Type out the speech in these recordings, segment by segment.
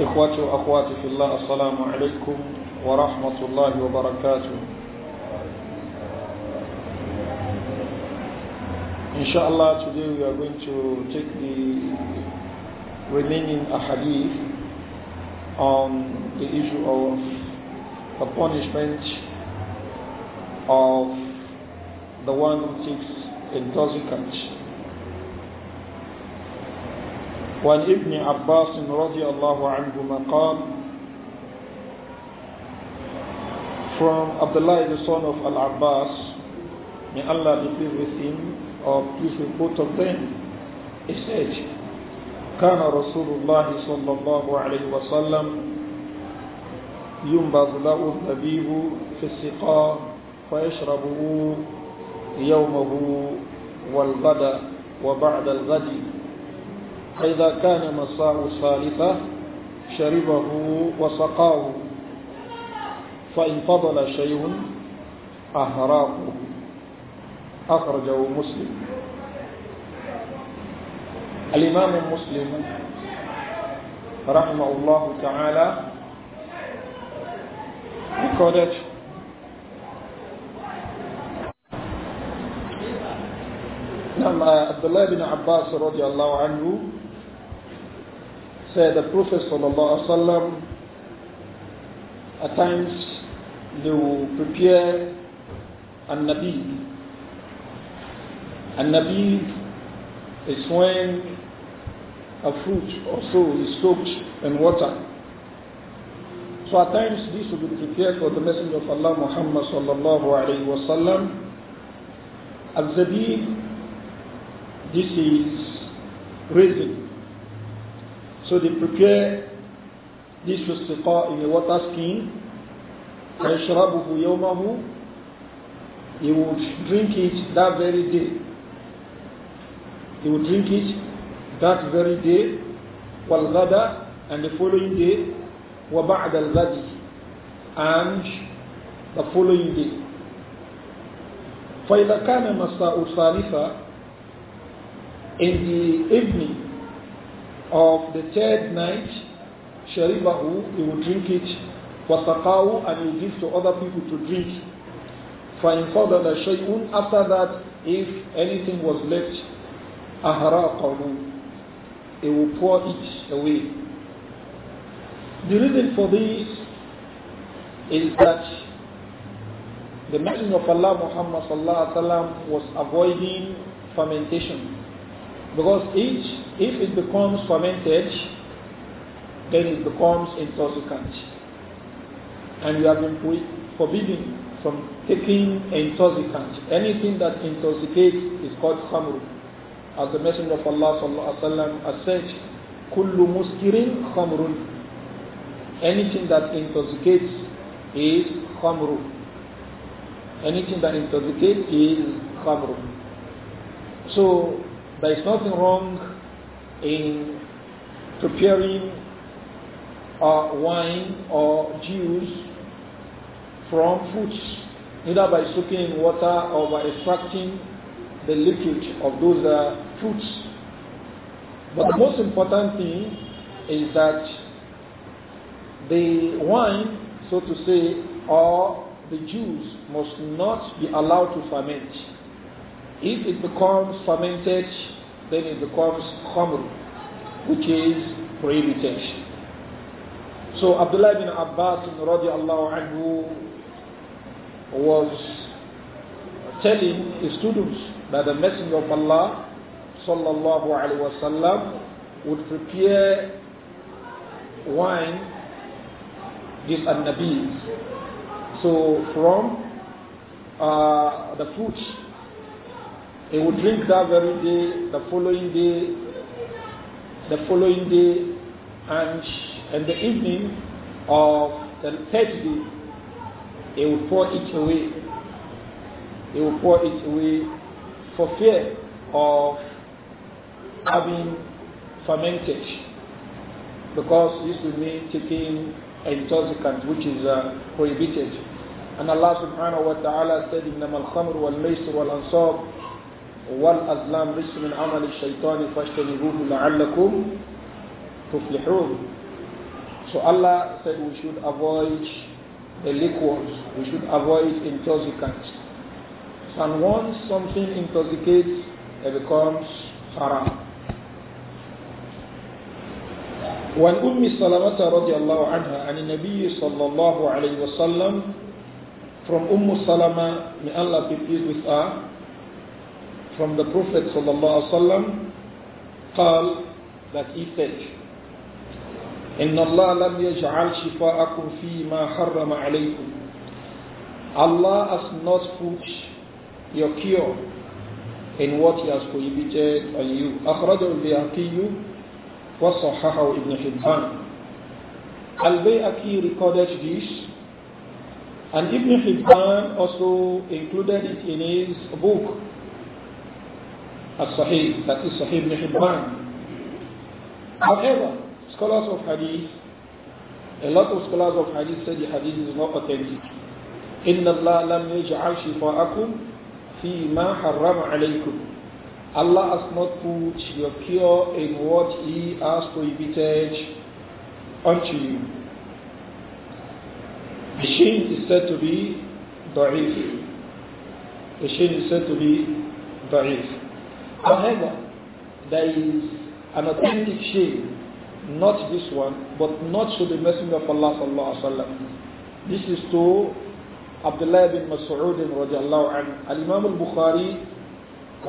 إخوتي وأخواتي في الله السلام عليكم ورحمة الله وبركاته Inshallah, today we are going to take the remaining ahadith on the issue of the punishment of the one who takes intoxicant وعن ابن عباس رضي الله عنهما قال From Abdullah the son of Al-Abbas May Allah be pleased with him or pleased with both of them He said كان رسول الله صلى الله عليه وسلم ينبض له الزبيب في السقاء فيشربه يومه والغد وبعد الغد فإذا كان مساء صالفة شربه وسقاه فإن فضل شيء أهراه أخرجه مسلم الإمام مسلم رحمه الله تعالى recorded نعم عبد الله بن عباس رضي الله عنه said the Prophet وسلم, at times they will prepare a Nabi. A Nabi is when a fruit or so is soaked in water. So at times this will be prepared for the Messenger of Allah Muhammad sallallahu alayhi wa sallam. this is raisin so they prepare this wasfiqa in a water skin. فَيَشْرَبُهُ يَوْمَهُ He would drink it that very day. He would drink it that very day. وَالْغَدَى And the following day. وَبَعْدَ الْغَدِ And the following day. فَإِذَا كَانَ مَسَاءُ ثَالِثًا In the evening, of the third night, sharibahu, he will drink it, wasaqahu, and he will give to other people to drink. فَإِنْ شَيْءٌ After that, if anything was left, أَهْرَاقَهُ He will pour it away. The reason for this is that the Messenger of Allah Muhammad was avoiding fermentation because each, if it becomes fermented, then it becomes intoxicant. And we have been forbidden from taking intoxicant. Anything that intoxicates is called khamr. As the Messenger of Allah sallallahu alaihi wasallam has said, "Kullu muskirin khamrun." Anything that intoxicates is khamr. Anything that intoxicates is khamr. So there is nothing wrong in preparing uh, wine or juice from fruits, either by soaking in water or by extracting the liquid of those uh, fruits. But the most important thing is that the wine, so to say, or the juice must not be allowed to ferment. If it becomes fermented, then it becomes khamr, which is prohibition. So Abdullah bin Abbas radiallahu anhu was telling his students that the Messenger of Allah sallallahu alaihi wasallam would prepare wine, this an-nabis, so from uh, the fruits he would drink that very day, the following day, the following day, and in the evening of the third day, he would pour it away. He would pour it away for fear of having fermented, because this would mean taking intoxicant, which is uh, prohibited. And Allah subhanahu wa ta'ala said, إنما الخمر والميسر والأنصاب والأزلام رجس من عمل الشيطان فاجتنبوه لعلكم تفلحون So Allah said we should avoid the liquors, we should avoid intoxicants. And once something intoxicates, it becomes haram. When Umm سلمة رضي الله عنها عن النبي صلى الله عليه وسلم from Umm Salama, may Allah be pleased with her, from the Prophet وسلم, قال that he said إن الله لم يجعل شفاءكم فيما حرم عليكم Allah has not put your cure in what he has prohibited on you أخرجه البيهقي وصححه ابن حبان al recorded this and Ibn Hibban also included it in his book as-Sahih, that is Sahih ibn However, scholars of hadith, a lot of scholars of hadith say the hadith is not authentic. إِنَّ اللَّهَ لَمْ يَجْعَلْ شِفَاءَكُمْ فِي مَا حَرَّمَ عَلَيْكُمْ Allah has not put your cure in what He has prohibited unto you. The shin is said to be da'if. The shin is said to be da'if. However, there is an authentic shame, not this one, but not to the Messenger of Allah sallallahu alaihi wasallam. This is to Abdullah bin Mas'ud radiallahu anhu. Al-Imam al-Bukhari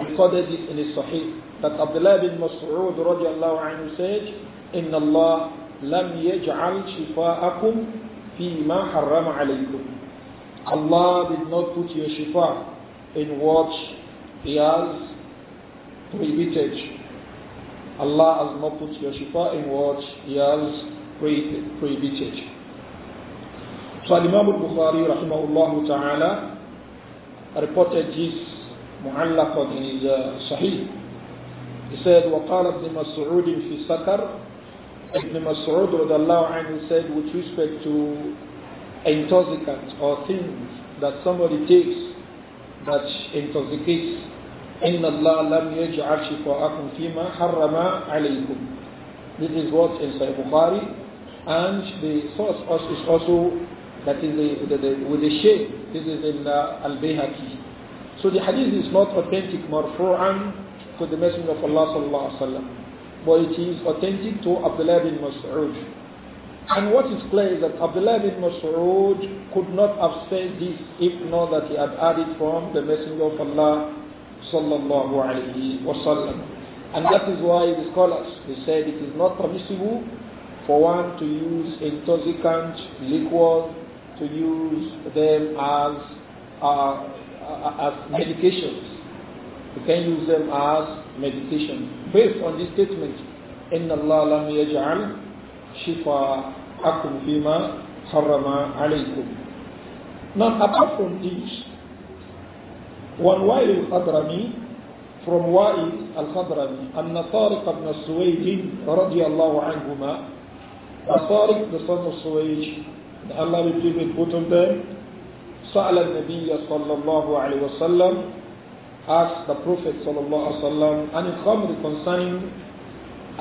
recorded it in his Sahih that Abdullah bin Mas'ud radiallahu anhu said, إِنَّ اللَّهَ لَمْ يَجْعَلْ شِفَاءَكُمْ fi مَا حَرَّمَ عَلَيْكُمْ Allah did not put your shifa in what He has prohibited. Allah has not put your shifa in what He has prohibited. So Imam al-Bukhari rahimahullah ta'ala reported this معلق in his uh, Sahih. He said, وقال ابن مسعود في سكر Ibn Mas'ud anhu said with respect to intoxicants or things that somebody takes that intoxicates إن الله لم يجعل شفاءكم فيما حرم عليكم This is what in Sahih Bukhari and the source is also that is the, the, the with the shape this is in uh, Al-Bayhaqi so the hadith is not authentic marfu'an to the messenger of Allah sallallahu alaihi wasallam but it is authentic to Abdullah bin Mas'ud and what is clear is that Abdullah bin Mas'ud could not have said this if not that he had heard it from the messenger of Allah sallallahu alayhi wasallam. And that is why the scholars they said it is not permissible for one to use intoxicant liquid to use them as uh, uh, as medications. You can use them as medication based on this statement. إن الله لم يجعل شفاءكم فيما حرم عليكم. Now, apart from this, one والوائل Khadrami, from وائل Al أن طارق بن السويد رضي الله عنهما طارق the son of Suwayd Allah be pleased with both of them سأل النبي صلى الله عليه وسلم asked the Prophet صلى الله عليه وسلم عن الخمر concerning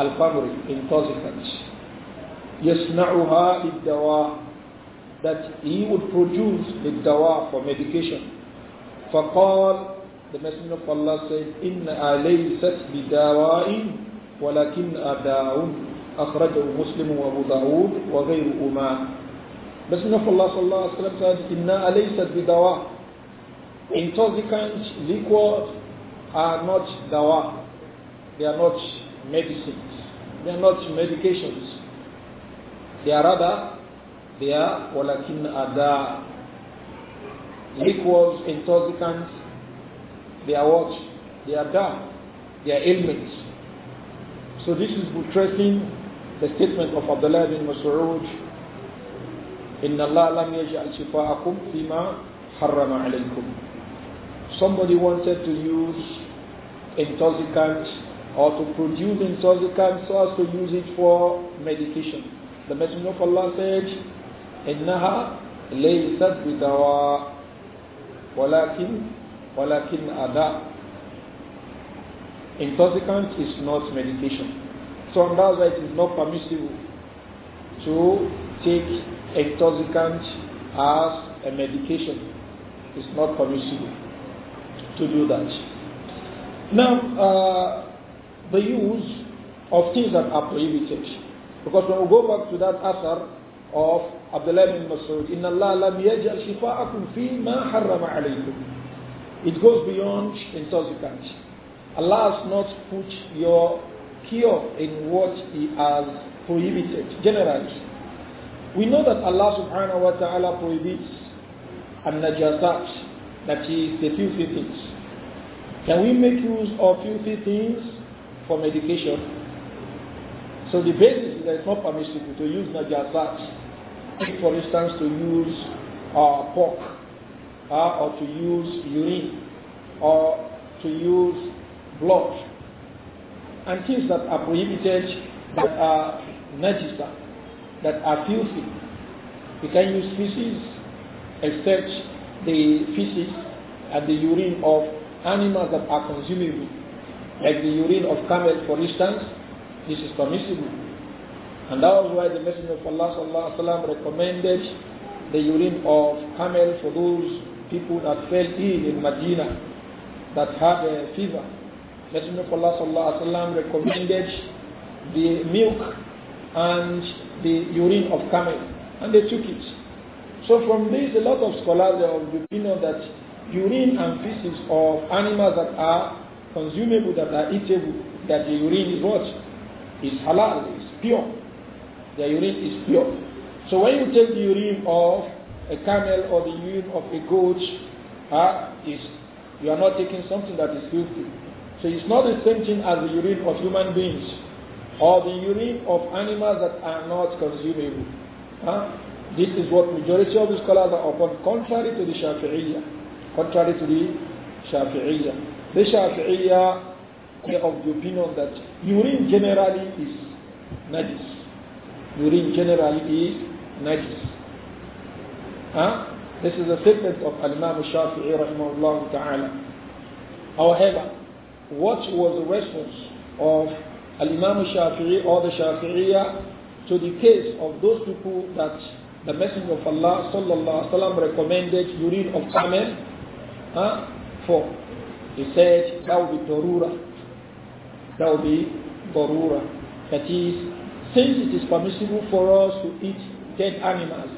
الخمر intoxicants يصنعها للدواء that he would produce the dawa for medication فقال the Messenger of Allah said, إن ليست بدواء ولكن أداء أخرجه مسلم وأبو داود the Messenger of Allah صلى الله عليه وسلم said, إن ليست بدواء. Intoxicants, liquors are not dawa. They are not medicines. They are not medications. They are rather, they are ولكن أداء liquors, intoxicants, they are what? They are done, They are ailments. So this is buttressing the statement of Abdullah bin Mas'ud "Inna Allah lam yaj'al شفاءكم فيما حرم عليكم Somebody wanted to use intoxicants or to produce intoxicants so as to use it for medication. The Messenger of Allah said, إنها ليست بدواء Walakin, walakin ada. Intoxicant is not medication. So that's why it is not permissible to take intoxicant as a medication. It's not permissible to do that. Now, uh, the use of things that are prohibited. Because when we go back to that asar, of Abdullah bin Masud, Inna Allah lam yaj'al shifa'akum fi ma harrama alaykum. It goes beyond intoxication. Allah has not put your cure in what He has prohibited, generally. We know that Allah subhanahu wa ta'ala prohibits an najasat, that is the filthy things. Can we make use of filthy things for medication? So the basis is that it's not permissible to use najasat for instance to use uh, pork uh, or to use urine or to use blood and things that are prohibited that are najisa, that are filthy. You can use feces except the feces and the urine of animals that are consumable, like the urine of camel for instance, this is permissible. And that was why the Messenger of Allah recommended the urine of camel for those people that fell ill in Medina that had a fever. Messenger of Allah recommended the milk and the urine of camel and they took it. So from this a lot of scholars are of the opinion that urine and feces of animals that are consumable, that are eatable, that the urine is what? Is halal, is pure. The urine is pure. So when you take the urine of a camel or the urine of a goat, uh, is, you are not taking something that is filthy. So it's not the same thing as the urine of human beings or the urine of animals that are not consumable. Uh, this is what majority of the scholars are upon, contrary to the Shafi'iyya. Contrary to the Shafi'iyya. The Shafi'iyya of the opinion that urine generally is najis urine generally is najis. Huh? This is a statement of Imam Shafi'i rahimahullah ta'ala. However, what was the response of Imam Shafi'i or the Shafi'iyya to the case of those people that the Messenger of Allah sallallahu alaihi wasallam recommended urine of camel huh, for? He said that would be darura. That would be darura. That is since it is permissible for us to eat dead animals,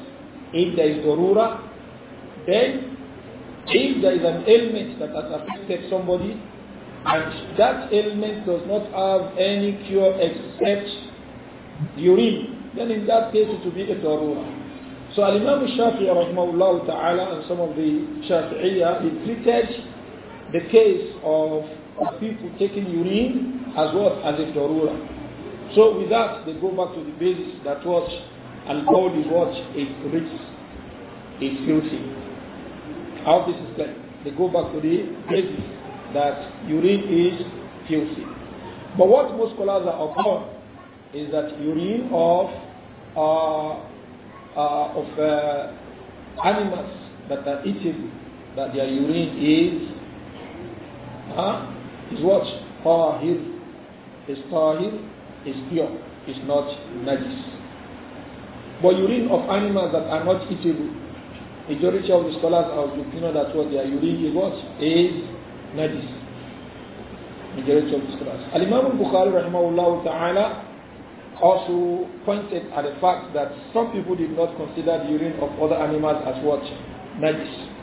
if there is dorura, then if there is an ailment that has affected somebody, and that ailment does not have any cure except urine, then in that case it will be a dorura. So Al-Imam Shafi'i rahmahullah ta'ala and some of the Shafi'iyya, he treated the case of people taking urine as well as a dorura. So with that, they go back to the basis that what alcohol is it rich, is filthy. How this is done? They go back to the basis that urine is filthy. But what most scholars are upon is that urine of uh, uh, of uh, animals that are eating that their urine is is what tahir, is tahir is pure, is not najis. But urine of animals that are not eatable, majority of the scholars are looking at that what their urine is what? Is najis. Majority of the scholars. Al-Imam bukhari rahimahullah ta'ala also pointed at the fact that some people did not consider the urine of other animals as what? Najis.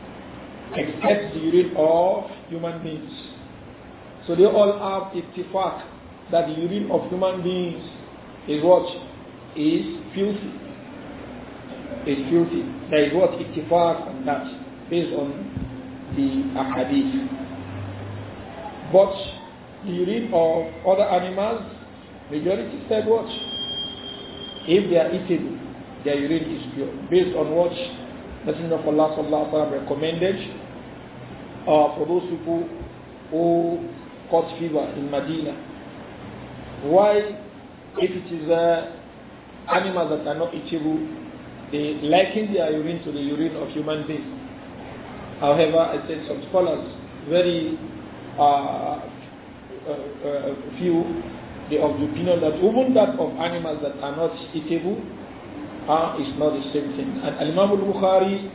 Except the urine of human beings. So they all have fact that the urine of human beings is what? Is filthy. Is filthy. There is what? Ittifaq on that based on the ahadith. But the urine of other animals, majority said what? If they are eating? their urine is pure. Based on what Messenger of Allah sallallahu recommended uh, for those people who caught fever in Medina why, if it is uh, animals that are not eatable, they liken their urine to the urine of human beings. However, I said some scholars, very uh, uh, uh few, they of the opinion that even that of animals that are not eatable uh, is not the same thing. And Imam al-Bukhari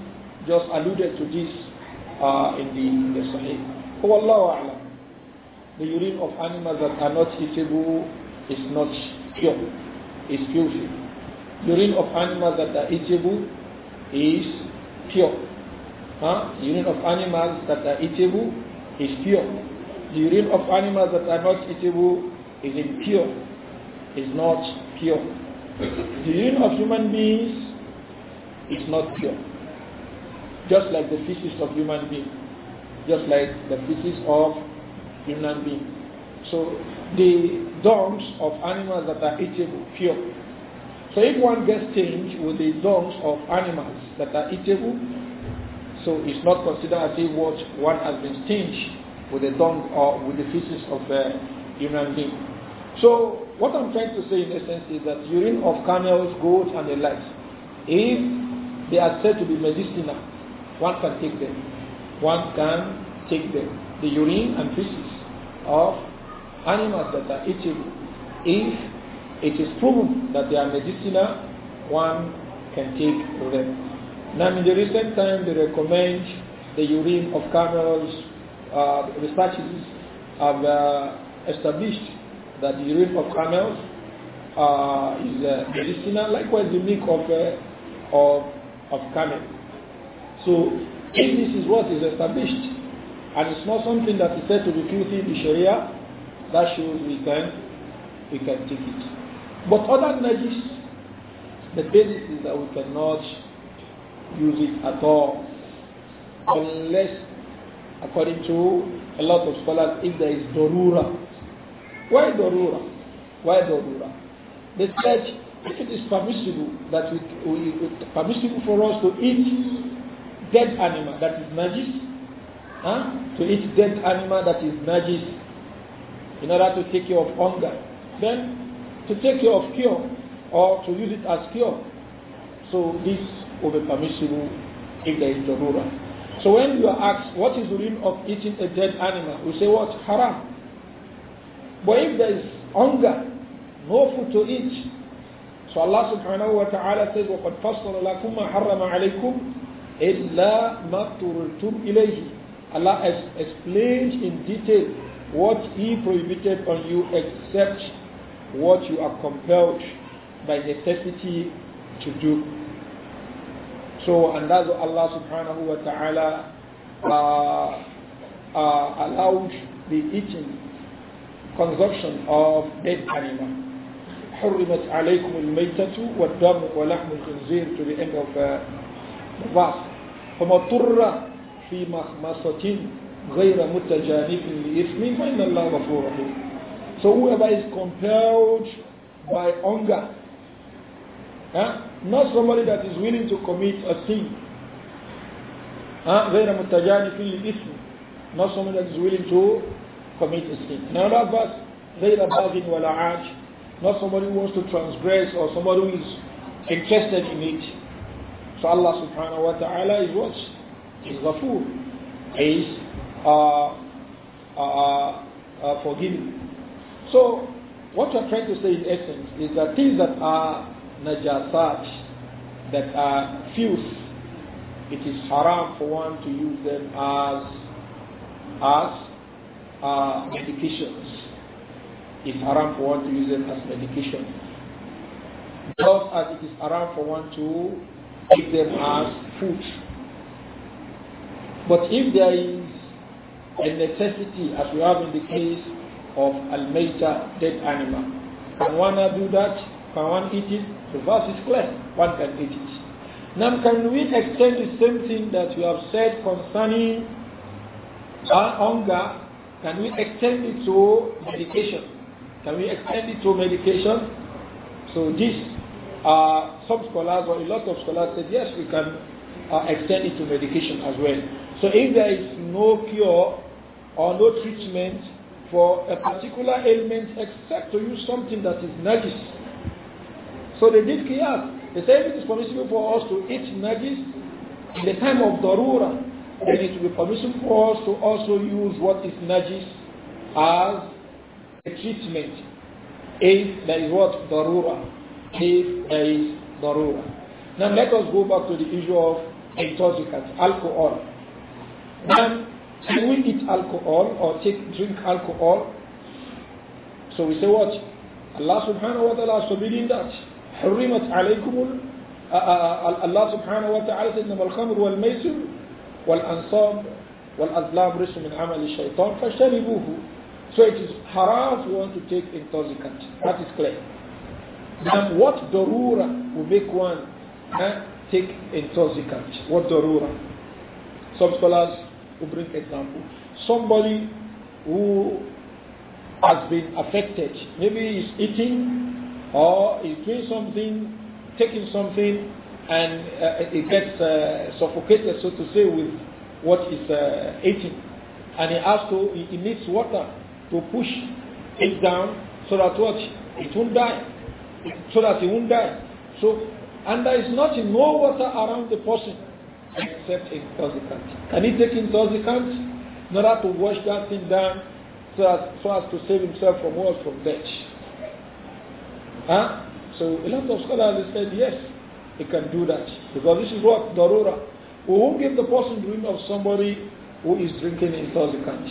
just alluded to this uh, in the, in the Sahih. Oh, Allah the urine of animals that are not eatable is not pure, is filthy. Urine of animals that are eatable is pure. Huh? Urine of animals that are eatable is pure. The urine of animals that are not eatable is impure, is not pure. The urine of human beings is not pure. Just like the feces of human beings, just like the feces of human being. So the dogs of animals that are eatable, pure. So if one gets changed with the dogs of animals that are eatable, so it's not considered as if what one has been stinged with the dung or with the feces of a human being. So what I'm trying to say in essence is that urine of camels, goats, and the like, if they are said to be medicinal, one can take them. One can take them, the urine and feces of animals that are eatable. If it is proven that they are medicinal, one can take them. Now, in the recent time, they recommend the urine of camels. Uh, researchers have uh, established that the urine of camels uh, is uh, medicinal, likewise the milk of, uh, of, of So, if this is what is established, and it's not something that is said to be filthy in Sharia. That shows we can, we can take it. But other najis, the basis is that we cannot use it at all. Unless, according to a lot of scholars, if there is dorura. Why dorura? Why dorura? They said if it is permissible that we, we, permissible for us to eat dead animal that is najis, huh? to eat dead animal that is najis in order to take care of hunger. Then to take care of cure or to use it as cure. So this will be permissible if there is jarura. So when you are asked what is the rule of eating a dead animal, we say what? Haram. But if there is hunger, no food to eat. So Allah subhanahu wa ta'ala says, وَقَدْ فَصَّلَ لَكُمْ مَا حَرَّمَ عَلَيْكُمْ إِلَّا مَا تُرْتُمْ إِلَيْهِ Allah has explained in detail what He prohibited on you except what you are compelled by necessity to do. So, and that's Allah subhanahu wa ta'ala uh, uh, allowed the eating, consumption of dead animal. حرمت عليكم الميتة والدم ولحم الخنزير to the end of uh, the verse. في مخمصة غير لإثم فإن الله غفور رحيم so whoever is compelled by hunger, huh? not somebody that is willing to commit a sin, غير متجانف not somebody that is willing to commit a sin. In another verse, غير باغ ولا عاج, not somebody who wants to transgress or somebody who is interested in it. So Allah subhanahu wa ta'ala is what? is food is uh, uh, uh, forgiving. So, what we're trying to say in essence is that things that are najasat, that are filth, it is haram for one to use them as as uh, medications. It's haram for one to use them as medication. Just as it is haram for one to give them as food. But if there is a necessity, as we have in the case of Al-Maita, dead animal, can one do that? Can one eat it? The verse is clear. One can eat it. Now, can we extend the same thing that we have said concerning our hunger? Can we extend it to medication? Can we extend it to medication? So this, uh, some scholars or a lot of scholars said, yes, we can uh, extend it to medication as well. So if there is no cure or no treatment for a particular ailment except to use something that is najis. So they did qiyas. They said it is permissible for us to eat najis in the time of darura, then it will be permissible for us to also use what is najis as a treatment if there is what darura, if there is darura. Now let us go back to the issue of intoxicants, alcohol. Now, can we eat alcohol or take drink alcohol? So we say what? Allah subhanahu wa ta'ala is forbidding that. حرمت عليكم الله سبحانه وتعالى إنما الخمر والميسر والأنصاب والأزلام رجس من عمل الشيطان فاجتنبوه So it is haram if you want to take intoxicant. That is clear. And what darura will make one eh, take intoxicant? What darura? Some scholars to bring example. Somebody who has been affected, maybe he's eating or he's doing something, taking something, and uh, he gets uh, suffocated, so to say, with what he's uh, eating. And he has to, he, he needs water to push it down so that what? It won't die. So that he won't die. So, and there is not no water around the person except toxicant. Can he take toxicant, in order to wash that thing down so as, so as to save himself from what? From death. Huh? So a lot of scholars said yes, he can do that because this is what darura. We won't give the person drink of somebody who is drinking intoxicant.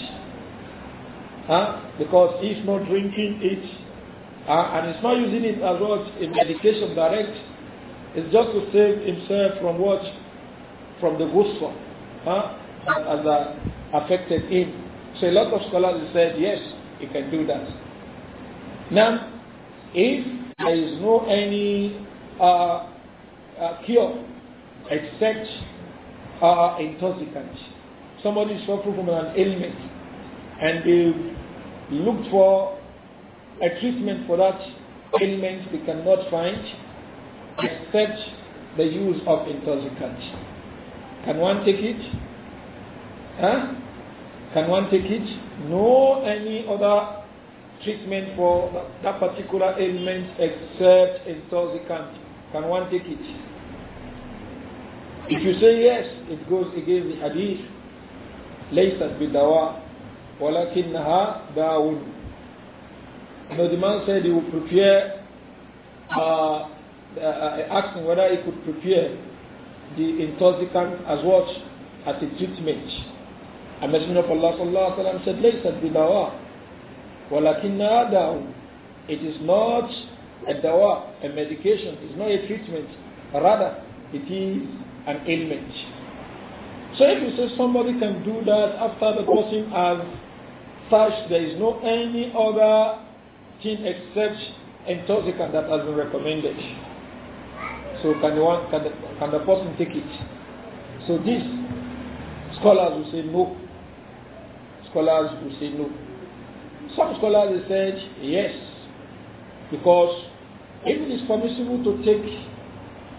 Huh? Because he's not drinking it uh, and he's not using it as what well in medication direct. It's just to save himself from what? from the ghusl huh, that uh, has affected him. So a lot of scholars said, yes, you can do that. Now, if there is no any uh, uh, cure except uh, intoxicant, somebody is suffering from an ailment and they looked for a treatment for that ailment they cannot find except the use of intoxicants. Can one take it? Huh? Can one take it? No any other treatment for that particular ailment except intoxicant. Can one take it? If you say yes, it goes against the hadith. ليست بدواء ولكنها داء. You the man said he would prepare, uh, uh, uh asking whether he could prepare the intoxicant as what? As a treatment. A messenger of Allah sallallahu alayhi wa sallam said, لَيْسَتْ بِدَوَى وَلَكِنَّا دَعُوا It is not a dawa, a medication, it is not a treatment. Rather, it is an ailment. So if you say somebody can do that after the person has touched, there is no any other thing except intoxicant that has been recommended. So can the, one, can the, can the person take it? So this, scholars will say no. Scholars will say no. Some scholars said yes, because if it is permissible to take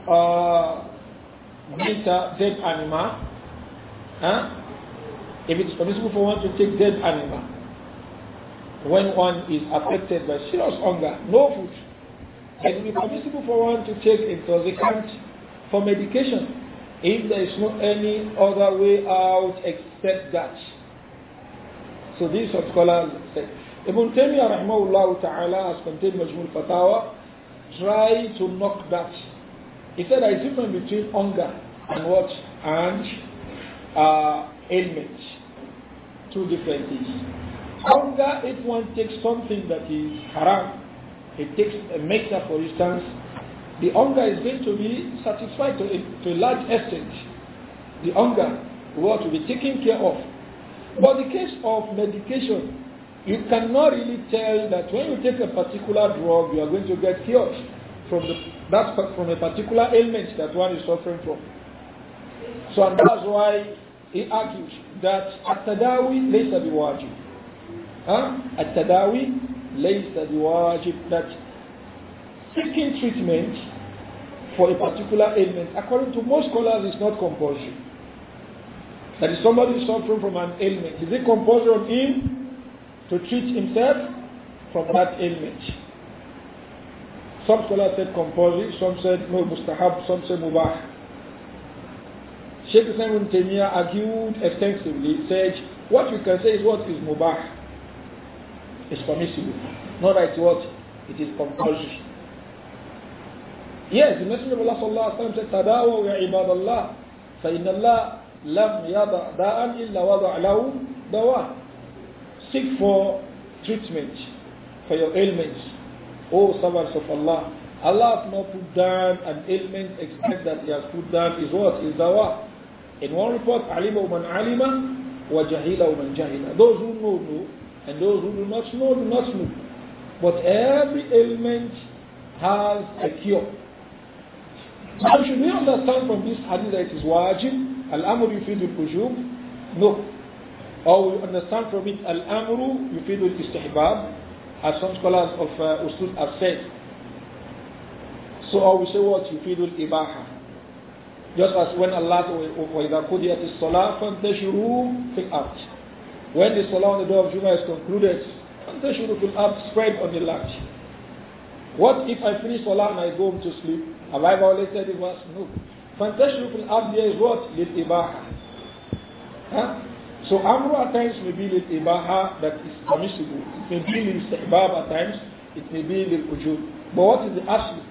uh, dead, dead animal, huh? if it is permissible for one to take dead animal, when one is affected by serious hunger, no food, it will be permissible for one to take account for medication if there is no any other way out except that. So this is what scholars say. Ibn Taymiyyah rahmahullah ta'ala has contained Majmul Fatawa, try to knock that. He said there is difference between hunger and what? And uh, ailment. Two different things. Hunger, if one takes something that is haram, it takes a uh, measure, for instance, the hunger is going to be satisfied to a, to a large extent. The hunger what will be taken care of. But the case of medication, you cannot really tell that when you take a particular drug, you are going to get cured from the, that from a particular ailment that one is suffering from. So and that's why he argues that at-tadawi laysa biwajib. Huh? At-tadawi ليس بواجب that seeking treatment for a particular ailment, according to most scholars, is not compulsory. That is, somebody suffering from an ailment. Is it compulsory on him to treat himself from that ailment? Some scholars said compulsory, some said no mustahab, some said mubah. Sheikh Islam ibn Taymiyyah argued extensively, said, what we can say is what is mubah is permissible. Not that what? It is compulsory. Yes, the Messenger of Allah sallallahu alayhi wa sallam said, Tadawa ya ibadallah, fa inna Allah lam yada da'an illa wada lahum dawa. Seek for treatment for your ailments, O servants of Allah. Allah has not put down an ailment except that He has put down is what? Is dawa. In one report, alima man alima wa jahila man jahila. Those who know, know. And those who do not know, do not know. But every ailment has a cure. Now, should we understand from this hadith that it is wajib, al-amru yufidu al kujub No. Or we understand from it, al-amru yufidu al-istihbab, as some scholars of uh, usul have said. So, or we say what? Yufidu al-ibaha. Just as when Allah, وَإِذَا قُدِيَتِ الصَّلَاةِ فَانْتَشِرُوا فِي الْأَرْضِ when the Salah on the day of Juma is concluded, the shuruk will spread on the land. What if I finish Salah and I go home to sleep? Have I violated the verse? No. Fantashuruk al there is what? Lil ibaha. Huh? So Amru at times may be lil ibaha that is permissible. It may be lil sahbab at times. It may be lil ujub. But what is the asli?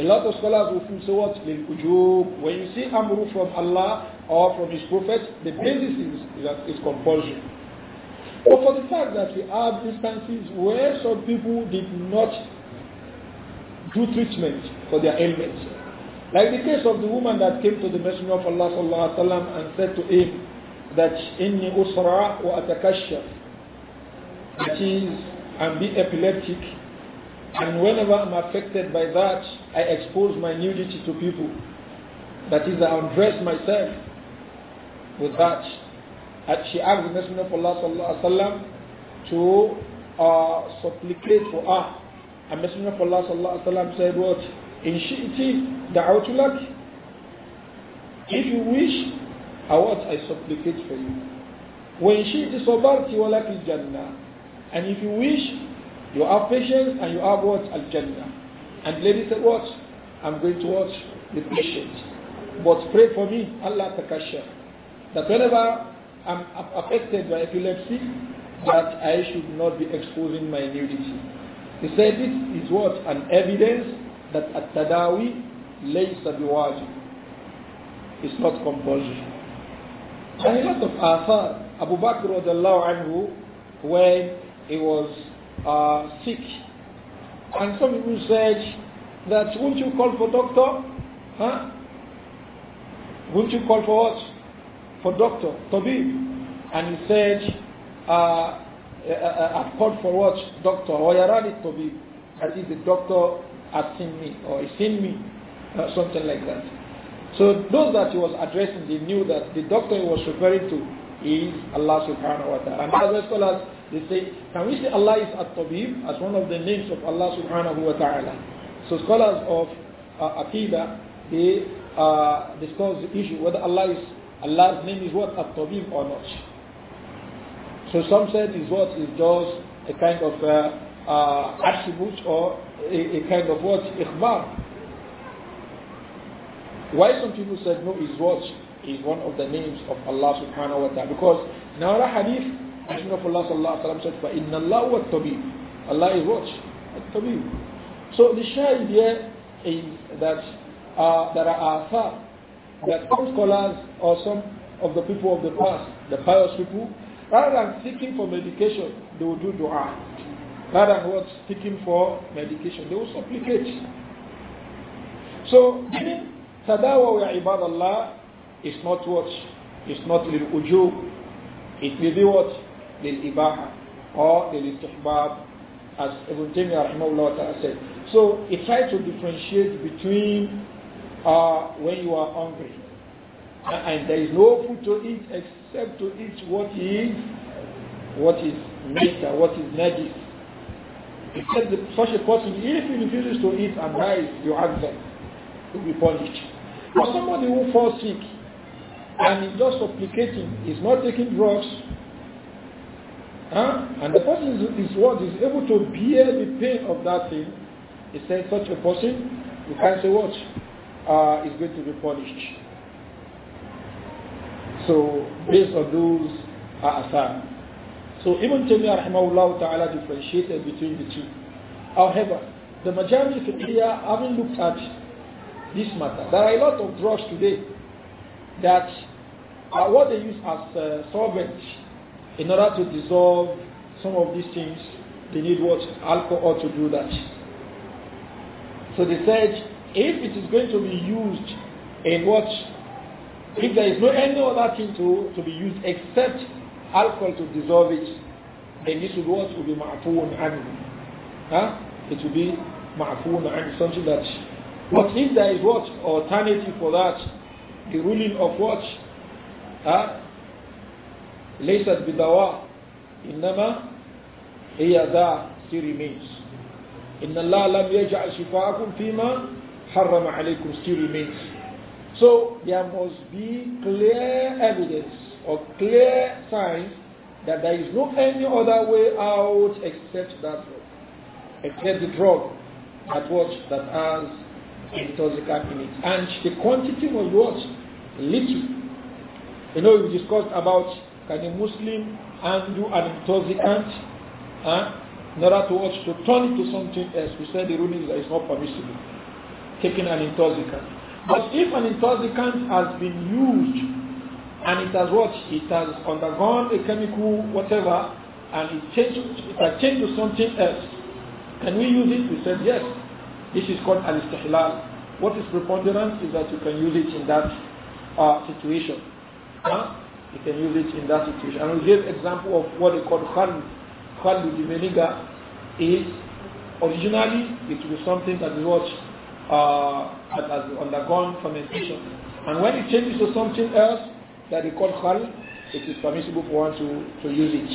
A lot of scholars will say what? Lil ujub. When you see Amru from Allah, or from his prophet, the basis is, that is compulsion. But for the fact that we have instances where some people did not do treatment for their ailments, like the case of the woman that came to the Messenger of Allah sallallahu alaihi wasallam and said to him that inni usra wa atakasha, that is, I'm epileptic, and whenever I'm affected by that, I expose my nudity to people. That is, I undress myself with that. she asked the Messenger of Allah sallallahu alaihi wasallam to uh, supplicate for her. And Messenger of Allah sallallahu alaihi wasallam said, "What in shi'ti da'awtulak? If you wish, I uh, what I supplicate for you. When shi'ti sabarti walaki jannah. And if you wish, you have patience and you have what al jannah." And the lady said, "What? I'm going to watch the patience. but pray for me, Allah takashir." That whenever I'm affected by epilepsy, that I should not be exposing my nudity. He said this is what? An evidence that at-tadawi laysa biwajib. It's not compulsory. And a lot of Athar, Abu Bakr anhu, when he was uh, sick, and some people said that, won't you call for doctor? Huh? Won't you call for what? for doctor, tabib, and he said, uh, uh, uh I've called for what? Doctor, or yarani tabib, that is the doctor has seen me, or he's seen me, uh, something like that. So those that he was addressing, they knew that the doctor he was referring to is Allah subhanahu wa ta'ala. And other scholars, they say, can we say Allah is At-Tabib as one of the names of Allah subhanahu wa ta'ala? So scholars of uh, Aqidah, they uh, discuss the issue whether Allah is Allah's name is what? At-Tabib or not. So some said is what is just a kind of uh, uh, attribute or a, a, kind of what? Ikhbar. Why some people said no is what is one of the names of Allah subhanahu wa ta'ala. Because in our hadith, Messenger of Allah sallallahu alayhi wa sallam said, فَإِنَّ اللَّهُ وَالْتَبِيب Allah is what? At-Tabib. So the shahid here is that uh, there are athar that some scholars or some of the people of the past, the pious people, rather than seeking for medication, they will do dua. Rather than what seeking for medication, they will supplicate. So, tadawa wa ibadallah is not what? It's not lil uju. It may be what? Lil ibaha or lil istihbab as Ibn Taymiyyah said. So, he tried to differentiate between uh, when you are hungry. And there is no food to eat except to eat what is what is nectar, what is najis. Except the, such a person, if he refuses to eat and dies, you have them to be punished. For somebody who falls sick and is just supplicating, is not taking drugs, huh? and the person is, is what is able to bear the pain of that thing, he said such a person, you can't say what? uh, is going to be punished. So based on those are uh, assigned. So Ibn Taymiyyah rahimahullah ta'ala differentiated between the two. However, the majority of India Having looked at this matter. There are a lot of drugs today that are uh, what they use as uh, solvent in order to dissolve some of these things. They need what alcohol to do that. So they said if it is going to be used in what, if there is no any other thing to, to be used except alcohol to dissolve it, then this will be what will be ma'foon and, Huh? It will be ma'foon and something that. But if there is what alternative for that, the ruling of what, huh? ليست بدواء إنما هي ذا still remains. إن الله لم يجعل شفاءكم فيما حرم عليكم remains. So there must be clear evidence or clear signs that there is no any other way out except that except the drug that was that has intoxicant in it. And the quantity was what? Little. You know we discussed about can a Muslim undo an intoxicant huh, in order to watch to turn it to something else. We said the ruling is that it's not permissible taking an intoxicant. But if an intoxicant has been used and it has what? It has undergone a chemical whatever and it changed, it has changed to something else. Can we use it? We said yes. This is called al-istihlal. What is preponderant is that you can use it in that uh, situation. Huh? You can use it in that situation. And we gave example of what they call khalid. Khalid dimeniga is originally it was something that was uh, that has undergone fermentation. And when it changes to something else that is called hal, it is permissible for one to, to use it.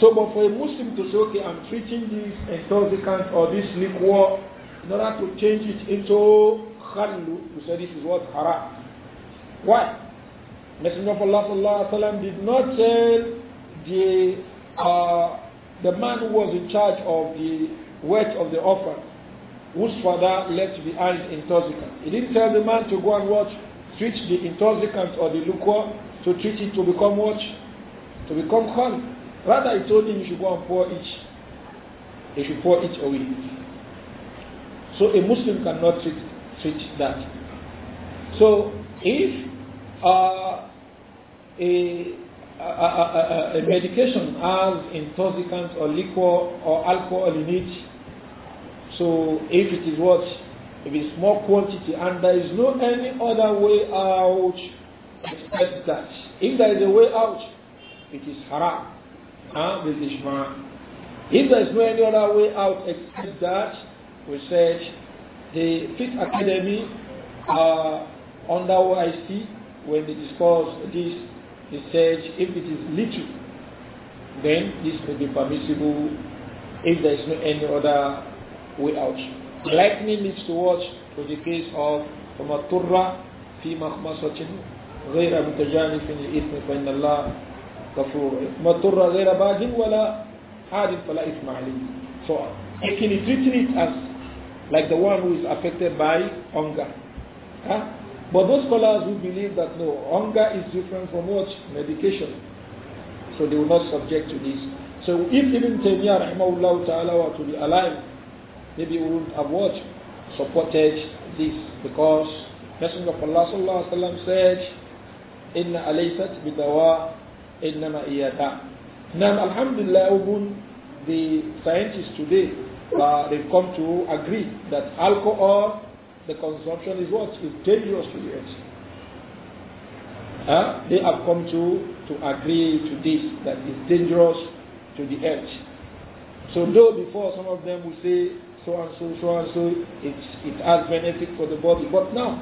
So, but for a Muslim to say, okay, I'm treating this intoxicant or this liquor in order to change it into khalu, you say this is what haram. Why? Messenger of Allah sallallahu did not tell the, uh, the man who was in charge of the weight of the offer whose father left behind intoxicant. He didn't tell the man to go and watch, treat the intoxicant or the lukewarm to treat it to become what? To become calm. Rather, he told him you should go and pour it. He should pour it away. So a Muslim cannot treat, treat that. So if uh, a, a, a, a medication has intoxicant or liquor or alcohol in it, so if it is what? If it's more quantity and there is no any other way out except that. If there is a way out, it is haram. Huh? Ah, this is haram. If there is no any other way out except that, we said the fit Academy uh, under OIC, when they discussed this, they said if it is little, then this may be permissible if there is no any other Without, out. Lightning leads to what? To the case of Tumaturra fi mahmasatin غير متجانف للإثم فإن الله غفور مضطر غير باغ ولا عاد فلا إثم عليه so taking it treating it as like the one who is affected by hunger huh? but those scholars who believe that no hunger is different from what medication so they will not subject to this so if Ibn Taymiyyah rahimahullah ta'ala were to be alive maybe we would have what? Supported this because Messenger of Allah sallallahu alaihi wasallam said, said, إِنَّ bidawa inna ma إِيَّدَا Now, Alhamdulillah, even the scientists today, uh, they've come to agree that alcohol, the consumption is what? Is dangerous to the earth. They have come to, to agree to this, that it's dangerous to the earth. So though before some of them will say so and so, so and so, it, it has benefit for the body. But now,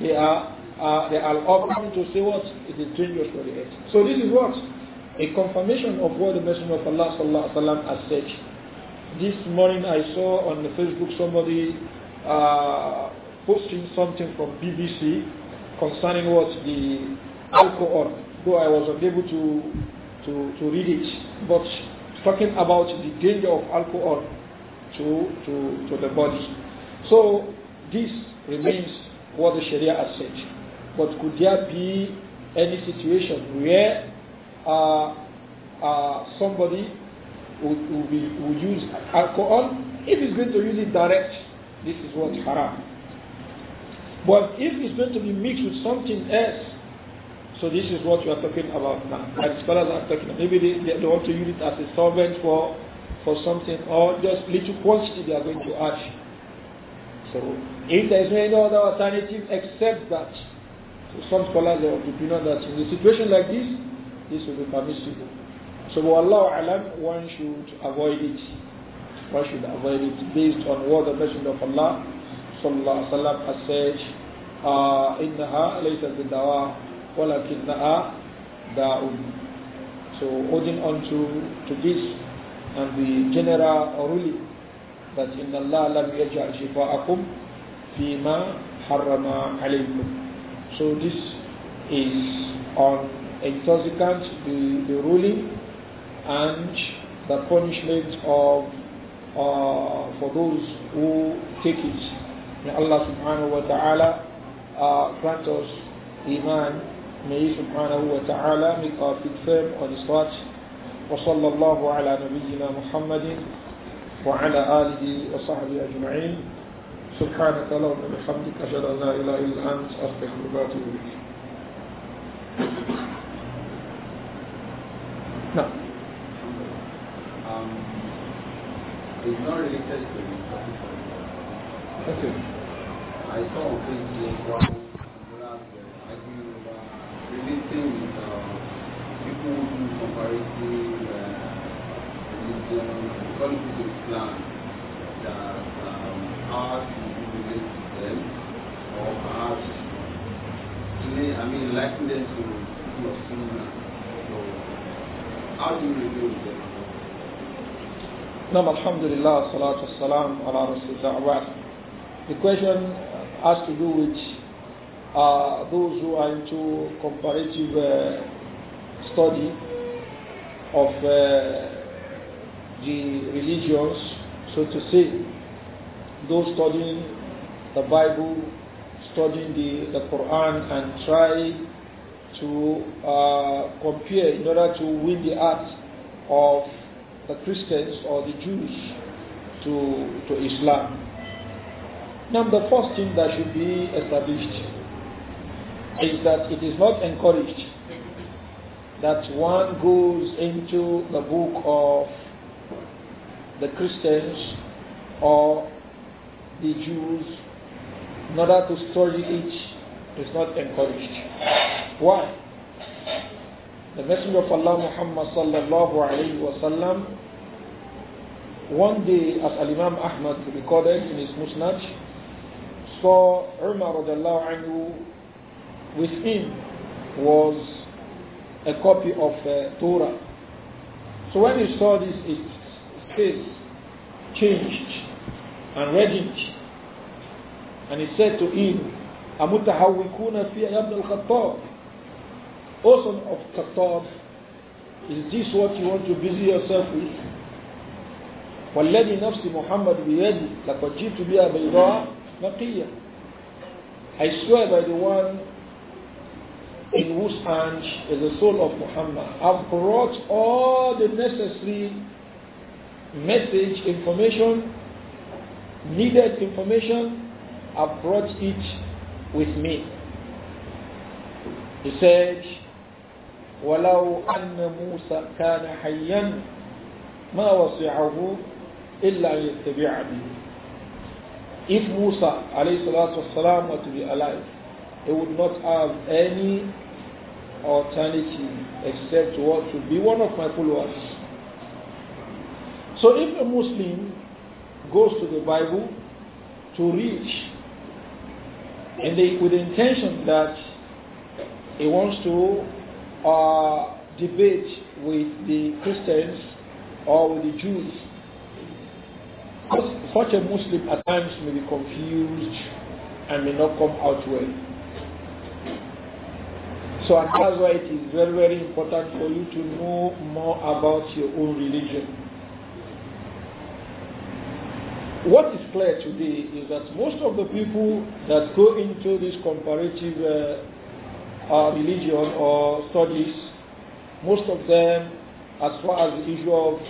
they are, uh, they are offering to say what? It is dangerous for the health. So this is what? A confirmation of what the Messenger of Allah sallallahu sallam, has said. This morning I saw on the Facebook somebody uh, posting something from BBC concerning what the alcohol, though I was unable to, to, to read it, but talking about the danger of alcohol to, to, to the body. So this remains what the Sharia has said. But could there be any situation where uh, uh, somebody will, will, be, will use alcohol? If he's going to use it direct, this is what haram. But if it's going to be mixed with something else, so this is what we are talking about now. And scholars are talking about maybe they, they, want to use it as a solvent for for something or just little quantity they are going to add. So if there is no other alternative except that, so some scholars are of the opinion that in a situation like this, this will be permissible. So Allah alam, one should avoid it. One should avoid it based on what the Messenger of Allah sallallahu alaihi wasallam has said. إنها ليست بالدواء ولكنها داء. So holding on to, to this and the general ruling that in Allah lam yaj'al shifa'akum ma harrama alaykum. So this is on intoxicants, the, the ruling and the punishment of uh, for those who take it. May Allah subhanahu wa ta'ala uh, grant us iman. May He subhanahu wa ta'ala make our feet firm on His watch. وصلى الله على نبينا محمد وعلى آله وصحبه أجمعين سبحانك اللهم وبحمدك أشهد أن لا إله إلا أنت أستغفرك وأتوب إليك No. Um, it's not related to the topic. Okay. I saw on Facebook one arguing about relating with uh, people who do comparative the countries that are to relate to them or are to, I mean, them to So, do alhamdulillah, ala rasulullah. The question has to do with uh, those who are into comparative uh, study of uh, the religions, so to say, those studying the Bible, studying the, the Quran, and try to uh, compare in order to win the heart of the Christians or the Jews to, to Islam. Now, the first thing that should be established is that it is not encouraged that one goes into the book of the Christians or the Jews in order to study it is not encouraged. Why? The Messenger of Allah Muhammad sallallahu alayhi wasallam one day as Al Imam Ahmad recorded in his Musnad saw Umar anhu with him was a copy of uh, Torah. So when he saw this, it face changed and reddened. And he said to him, أَمُتَحَوِّكُونَ فِي al Khattab, O son of Khattab, is this what you want to busy yourself with? وَالَّذِي نَفْسِ مُحَمَّدْ بِيَدِي لَقَدْ جِئْتُ بِهَا بَيْضَاءَ نَقِيَّةً I swear by the one in whose hand is the soul of Muhammad. I've brought all the necessary message, information, needed information, i brought it with me. He said, ولو أن موسى كان حيا ما وسعه إلا يتبعني If Musa alayhi salatu wasalam were to be alive, he would not have any alternative except what to be one of my followers. So if a Muslim goes to the Bible to read and they, with the intention that he wants to uh, debate with the Christians or with the Jews, such a Muslim at times may be confused and may not come out well. So that's why it is very, very important for you to know more about your own religion what is clear today is that most of the people that go into this comparative uh, uh, religion or studies, most of them, as far as the issue of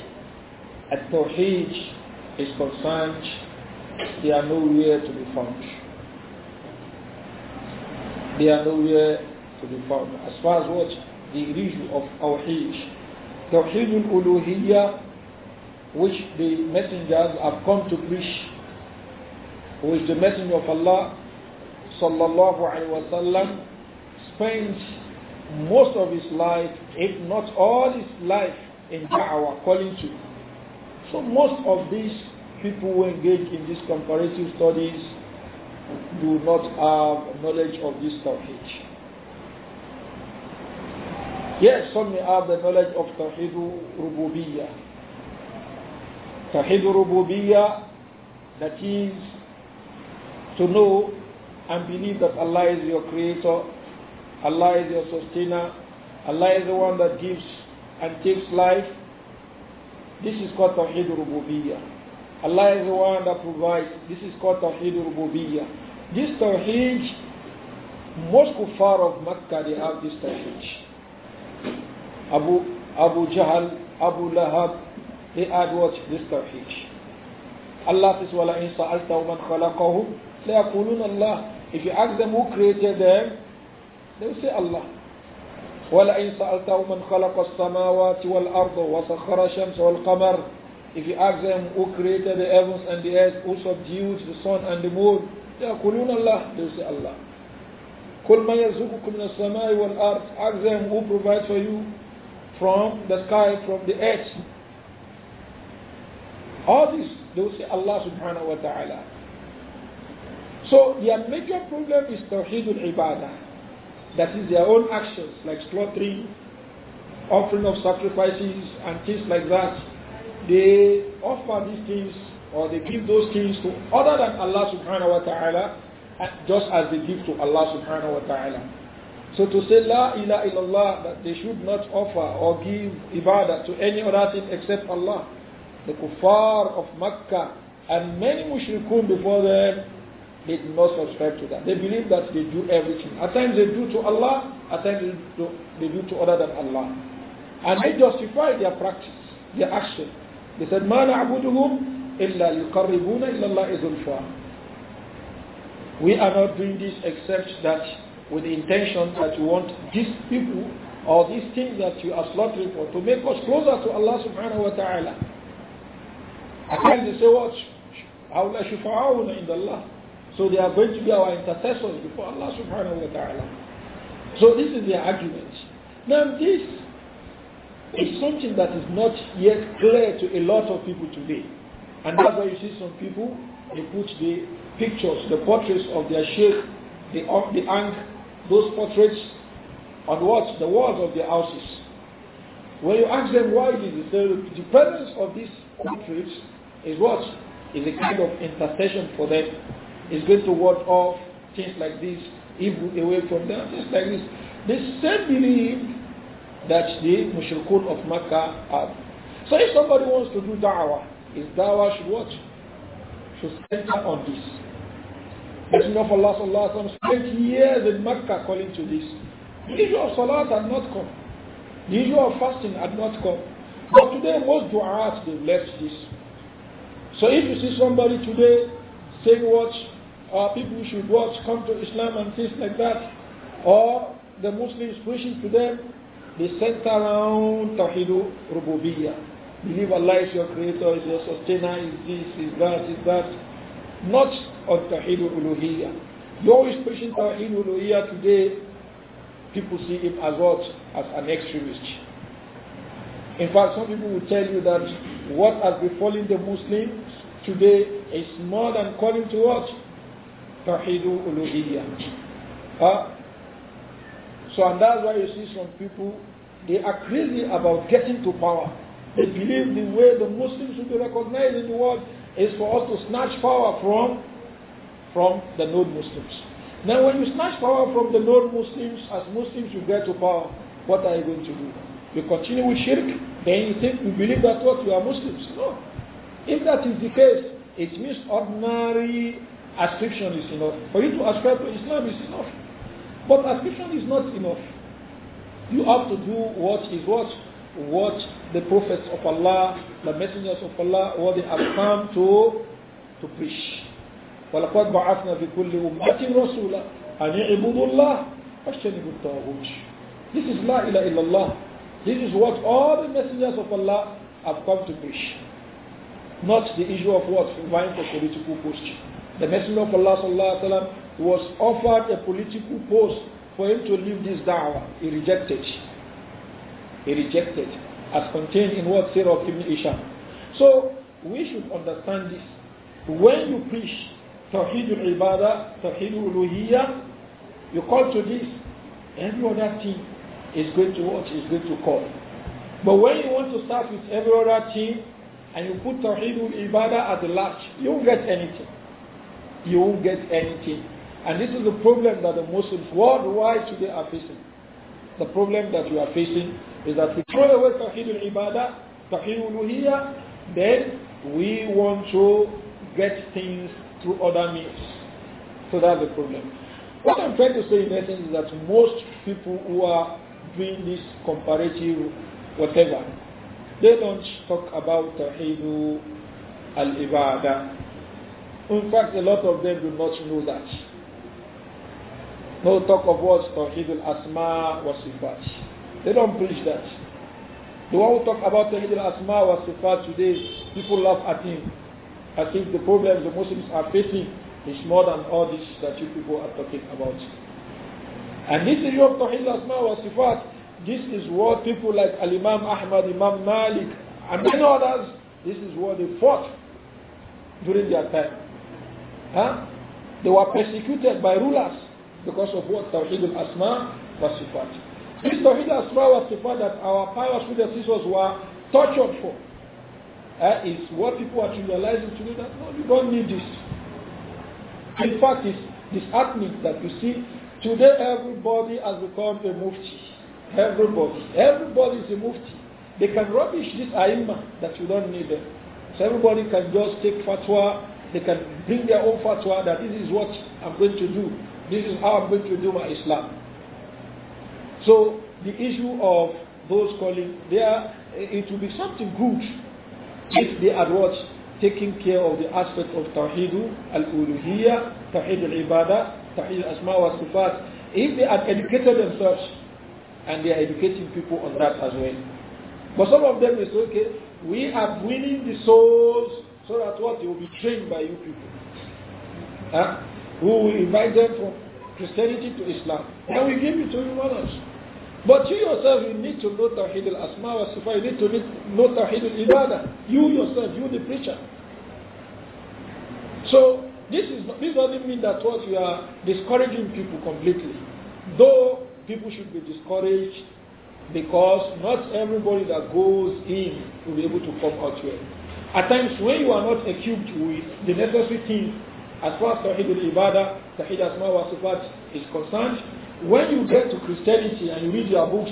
at-tawheed is concerned, they are nowhere to be found. They are nowhere to be found. As far as what the issue of tawheed, tawheed al-uluhiyyah which the messengers have come to preach, who is the messenger of Allah sallallahu alaihi wasallam, spends most of his life, if not all his life, in da'wah, calling to. So most of these people who engage in these comparative studies do not have knowledge of this tawhid. Yes, some may have the knowledge of Tawhid Rububiyyah, Tawheed that that is to know and believe that Allah is your creator, Allah is your sustainer, Allah is the one that gives and takes life. This is called Tawheed rububiyyah Allah is the one that provides. This is called Tawheed rububiyyah This Tawheed, most kuffar of Makkah, they have this Tawheed. Abu, Abu Jahal, Abu Lahab, they add what? This tawheed. Allah says, وَلَئِنْ سَأَلْتَ وَمَنْ خَلَقَهُمْ لَيَقُولُونَ اللَّهِ If you ask them who created them, they will say Allah. وَلَئِنْ سَأَلْتَ وَمَنْ خَلَقَ السَّمَاوَاتِ وَالْأَرْضَ وَسَخَّرَ الشَّمْسَ وَالْقَمَرَ If you ask them who created the heavens and the earth, who subdued the sun and the moon, يَقُولُونَ اللَّهِ They will say Allah. قُلْ مَنْ يَرْزُقُكُمْ مِنَ السَّمَاءِ وَالْأَرْضِ Ask them who provides for you from the sky, from the earth. All this, they will say Allah subhanahu wa ta'ala. So their major problem is Tawheedul Ibadah. That is their own actions like slaughtering, offering of sacrifices and things like that. They offer these things or they give those things to other than Allah subhanahu wa ta'ala just as they give to Allah subhanahu wa ta'ala. So to say La ilaha illallah that they should not offer or give ibadah to any other thing except Allah the kuffar of Mecca and many mushrikun before them they did not subscribe to that. They believe that they do everything. At times they do to Allah, at times they do to, other than Allah. And they justify their practice, their action. They said, مَا نَعْبُدُهُمْ إِلَّا يُقَرِّبُونَ إِلَّا اللَّهِ إِذُلْفَى We are not doing this except that with the intention that you want these people or these things that you are slaughtering for to make us closer to Allah subhanahu wa ta'ala. At times they say, What? Awla shufa'awna in Allah. So they are going to be our intercessors before Allah subhanahu wa ta'ala. So this is their argument. Now this is something that is not yet clear to a lot of people today. And that's why you see some people, they put the pictures, the portraits of their sheikh, the the hang those portraits on what? The walls of their houses. When you ask them why this, the presence of these portraits is what? Is a kind of intercession for them. Is going to ward off things like this, evil away from them, things like this. They still believe that the mushrikun of Makkah have. So if somebody wants to do da'wah, his da'wah should what? Should center on this. Messenger of Allah sallallahu alaihi wasallam spent years in Makkah calling to this. The issue of salat had not come. The issue of fasting had not come. But today most du'as, they've left this. So if you see somebody today saying what uh, people should watch, come to Islam and things like that, or the Muslims preaching to them, they center around Tawhidu Rububiyyah. Believe Allah is your creator, is your sustainer, is this, is that, is that. Not on Tawhidu Uluhiyyah. You always preaching Tawhidu Uluhiyyah today, people see him as what? As an extremist. In fact, some people will tell you that what has befallen the Muslims today is more than calling to what? Tawheedu uluhiyyah. So and that's why you see some people, they are crazy about getting to power. They believe the way the Muslims should be recognized in the world is for us to snatch power from, from the non-Muslims. Now when you snatch power from the non-Muslims, as Muslims you get to power, what are you going to do? you continue with shirk, then you think you believe that what you are Muslims. No. If that is the case, it means ordinary ascription is enough. For you to ascribe to Islam is enough. But ascription is not enough. You have to do what is what? What the prophets of Allah, the messengers of Allah, what they have come to to preach. ولقد بعثنا في كل أمة رسولا أن يعبدوا الله واجتنبوا الطاغوت. This is La ilaha illallah. This is what all the messengers of Allah have come to preach. Not the issue of what? Vying for political post. The Messenger of Allah وسلم, was offered a political post for him to leave this da'wah. He rejected. He rejected. As contained in what Sirah of Ibn Isham. So, we should understand this. When you preach Tawheed al-Ibadah, Tawheed al-Uluhiyah, you call to this every other thing is going to what is going to come. But when you want to start with every other thing and you put Tawheedul Ibadah at the last, you won't get anything. You won't get anything. And this is the problem that the Muslims worldwide today are facing. The problem that we are facing is that we throw away Tawheedul Ibadah, Tawheedul Uluhiyah, then we want to get things through other means. So that's the problem. What I'm trying to say in essence is that most people who are doing this comparative whatever. They don't talk about Tawheed al-Ibadah. In fact, a lot of them do not know that. No talk of what Tawheed al-Asma wa Sifat. They don't preach that. The one who talk about Tawheed al-Asma wa Sifat today, people laugh at him. I think the problems the Muslims are facing is more than all this that you people are talking about. And this is your Tawheed Asma wa Sifat. This is what people like Al Imam Ahmad, Imam Malik, and many others, this is what they fought during their time. Huh? They were persecuted by rulers because of what Tawheed al Asma wa Sifat. This Tawheed al Asma wa Sifat that our pious predecessors were tortured for uh, is what people are realizing today that no, you don't need this. In fact, it's disheartening that you see Today everybody has become a mufti. Everybody. Everybody is a mufti. They can rubbish this aima that you don't need them. So everybody can just take fatwa. They can bring their own fatwa that this is what I'm going to do. This is how I'm going to do my Islam. So the issue of those calling, there it will be something good if they are what taking care of the aspect of Tawheed al-Uluhiyya, Tawheed al-Ibadah, Tawheed Asma wa Sifat, if they had educated themselves, and they are educating people on that as well. But some of them is okay, we are winning the souls so that what they will be trained by you people. Huh? We will invite them from Christianity to Islam. And we give it to you others. But you yourself, you need to know Tawheed al-Asma wa Sifat, you need to know Tawheed al-Ibadah. You yourself, you the preacher. So this, is, this doesn't mean that what you are discouraging people completely. Though people should be discouraged because not everybody that goes in will be able to come out well. At times when you are not equipped with the necessary things as far as the al-Ibadah, Asma wa Sifat is concerned, when you get to Christianity and you read your books,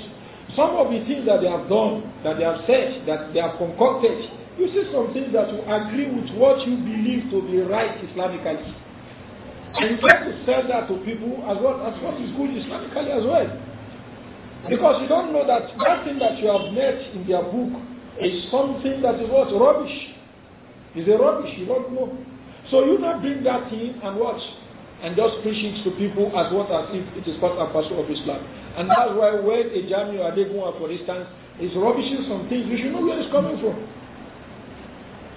some of the things that they have done, that they have said, that they have concocted, you see something that will agree with what you believe to be right Islamically. And you try to sell that to people as well as what is good Islamically as well. Because you don't know that that thing that you have met in their book is something that is what? Rubbish. Is a rubbish, you don't know. So you not bring that in and what? and just preaching to people as what as if it is part and parcel of Islam. And that's why when a Jami or Adegunwa, for instance, is rubbishing some things, you should know where it's coming from.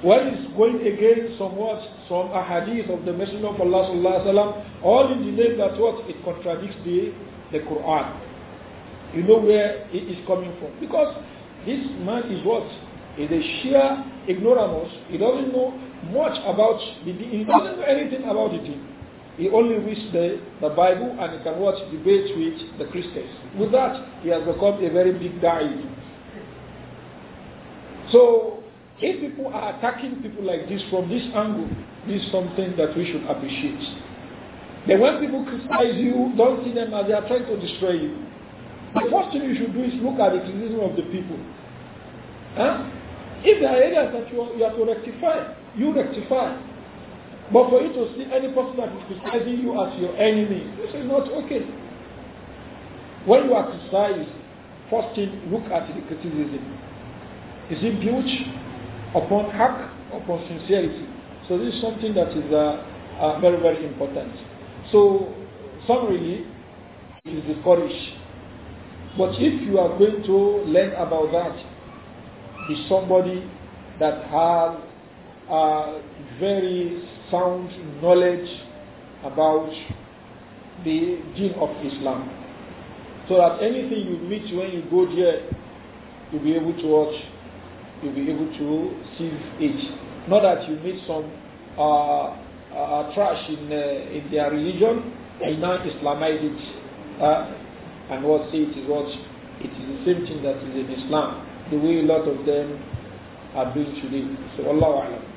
When it's going against some words, some ahadith of the Messenger of Allah sallallahu alaihi wasallam, all in the name that what it contradicts the the Quran. You know where it is coming from because this man is what is a sheer ignoramus. He doesn't know much about the he doesn't know anything about the thing. He only reads the, the Bible and he can watch debates with the Christians. With that, he has become a very big da'i. So if people are attacking people like this from this angle, this is something that we should appreciate. Then when people criticize you, don't see them as they are trying to destroy you. The first thing you should do is look at the criticism of the people. Huh? If there are areas that you, are, you have to rectify, you rectify. But for you to see any person that is criticizing you as your enemy, this is not okay. When you are criticized, first thing, look at the criticism. Is it built upon haq, upon sincerity. So this is something that is uh, uh very, very important. So is the discouraged. But if you are going to learn about that, be somebody that has a uh, very sound knowledge about the deen of Islam. So that anything you meet when you go there, you'll be able to watch you'll be able to sieve it. Not that you meet some uh, uh, trash in, uh, in their religion and now Islamize it. Uh, and what say it is what? It is the same thing that is in Islam, the way a lot of them are doing today. So, Allah Alam.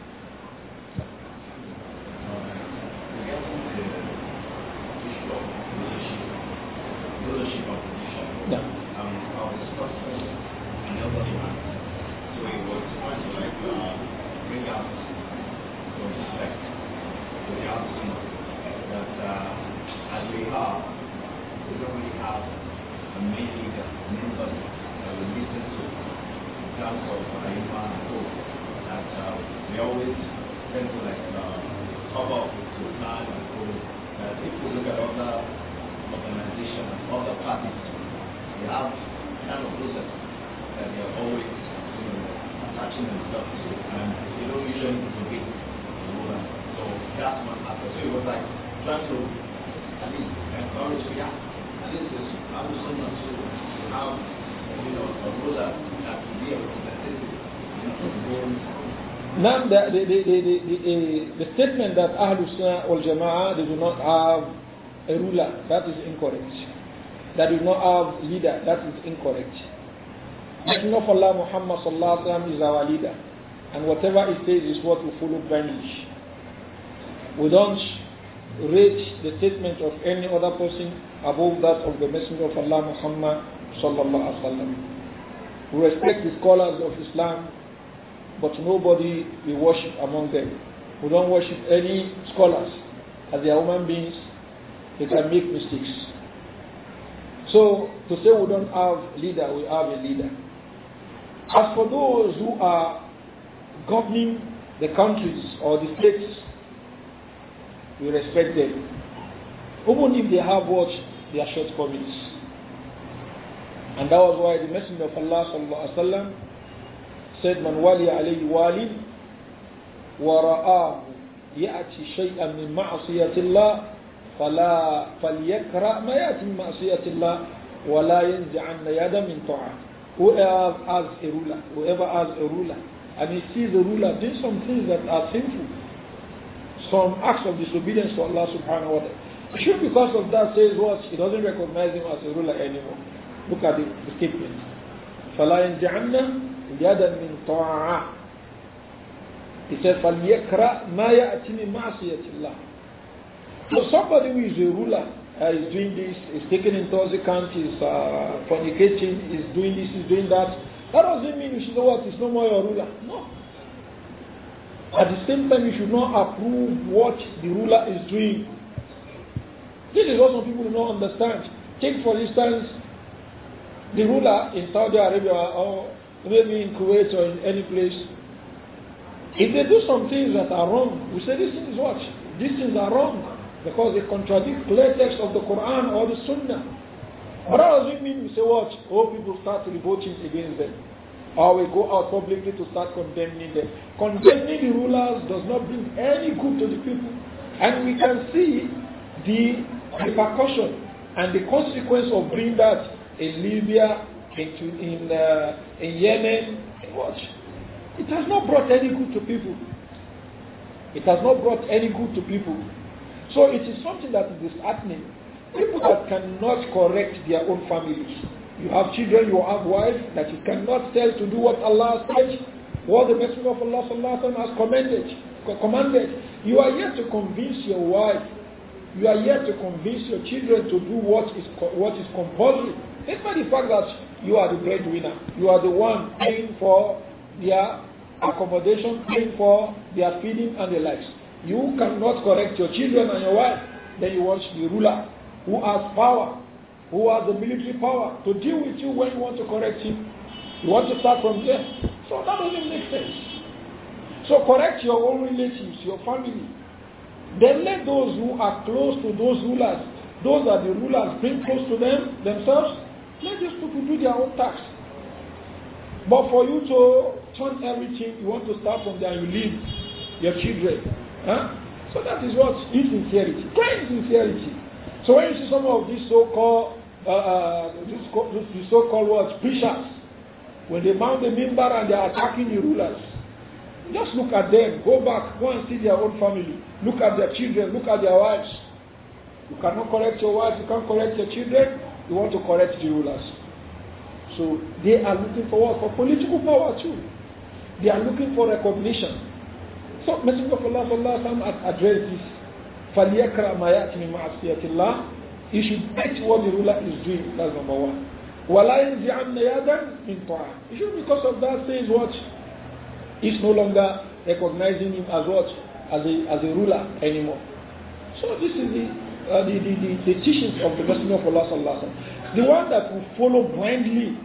the, the, the, the, statement that Ahlul Sunnah wal Jama'ah, they do not have a ruler, that is incorrect. That do not have leader, that is incorrect. Messenger of Allah Muhammad sallallahu alaihi wasallam is our leader. And whatever he says is what we follow blindly. We don't rate the statement of any other person above that of the Messenger of Allah Muhammad sallallahu alaihi wasallam. We respect the scholars of Islam but nobody we worship among them. We don't worship any scholars, as they are human beings, they can make mistakes. So, to say we don't have leader, we have a leader. As for those who are governing the countries or the states, we respect them. Even if they have what their shortcomings. And that was why the Messenger of Allah sallallahu alaihi wasallam said من "Wali عليه والي ورآه يأتي شيئا من معصية الله فلا فليكرأ ما يأتي من Allah, الله ولا ينزعن يدا من طاعة whoever has a ruler whoever has a ruler and he sees the ruler doing some things that are sinful some acts of disobedience to Allah subhanahu wa ta'ala Sure, because of that says what? He doesn't recognize him as a ruler anymore. Look at the, the statement. فَلَا يَنْجَعَنَّ يدا من طاعة He said, فَلْيَكْرَأْ مَا يَأْتِ مِنْ مَعْصِيَةِ اللَّهِ So somebody who is a ruler uh, is doing this, is taking intoxicant, is uh, fornicating, is doing this, is doing that. That doesn't mean you should know what is no more your ruler. No. At the same time, you should not approve what the ruler is doing. This is what some people do not understand. Take, for instance, the ruler in Saudi Arabia or maybe in Kuwait or in any place, if they do some things that are wrong, we say these things what? These things are wrong because they contradict clear text of the Quran or the Sunnah. But does it mean we say what? All people start revolting against them. Or we go out publicly to start condemning them. Condemning the rulers does not bring any good to the people. And we can see the repercussion and the consequence of doing that in Libya, in, in uh, in Yemen, what? It has not brought any good to people. It has not brought any good to people. So it is something that is disheartening. People that cannot correct their own families. You have children, you have wives that you cannot tell to do what Allah has said, what the Messenger of Allah has commanded, commanded. You are yet to convince your wife. You are yet to convince your children to do what is what is compulsory. Despite the fact that you are the breadwinner. You are the one paying for their accommodation, paying for their feeding and their lives. You cannot correct your children and your wife. Then you watch the ruler who has power, who has the military power to deal with you when you want to correct him. You want to start from there. So that doesn't make sense. So correct your own relatives, your family. Then let those who are close to those rulers, those are the rulers, bring close to them themselves Let these people do their own tax. But for you to turn everything, you want to start from there, you leave your children. Huh? So that is what insincerity, great insincerity. So when you see some of these so-called, uh, uh, these, so-called what preachers, when they mount the mimbar and they are attacking the rulers, just look at them. Go back, go and see their own family. Look at their children. Look at their wives. You cannot correct your wives. You can't correct your children. You want to correct the rulers. So they are looking for For political power too. They are looking for recognition. So Messenger of Allah sallallahu alaihi addressed this. You should bet what the ruler is doing. That's number one. وَلَا يَنْزِعَنَّ يَدًا مِنْ should because of that says what? He's no longer recognizing him as what? As a, as a ruler anymore. So this is the uh, the, the, the, the, teachings of the Messenger of Allah sallallahu The one that will follow blindly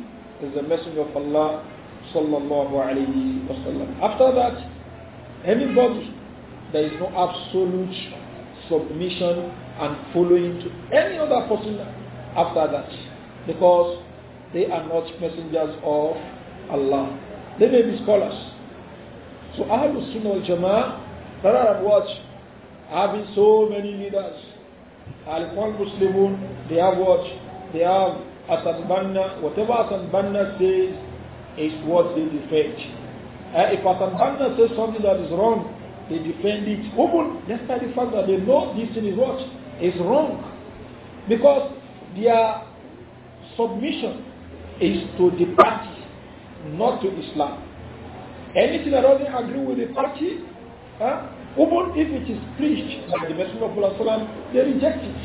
is the Messenger of Allah sallallahu After that, anybody, there is no absolute submission and following to any other person after that, because they are not messengers of Allah. They may be scholars. So Ahlul Sunnah al Jama'ah, rather than watch having so many leaders, Al-Ikhwan Muslimun, they have what? They have Asan Banna. Whatever Asan Banna says is what they defend. Uh, if Asan Banna says something that is wrong, they defend it open despite the fact that they know this thing is what? Is wrong. Because their submission is to the party, not to Islam. Anything that doesn't agree with the party, huh? Even if it is preached by the Messenger of Allah, they reject it.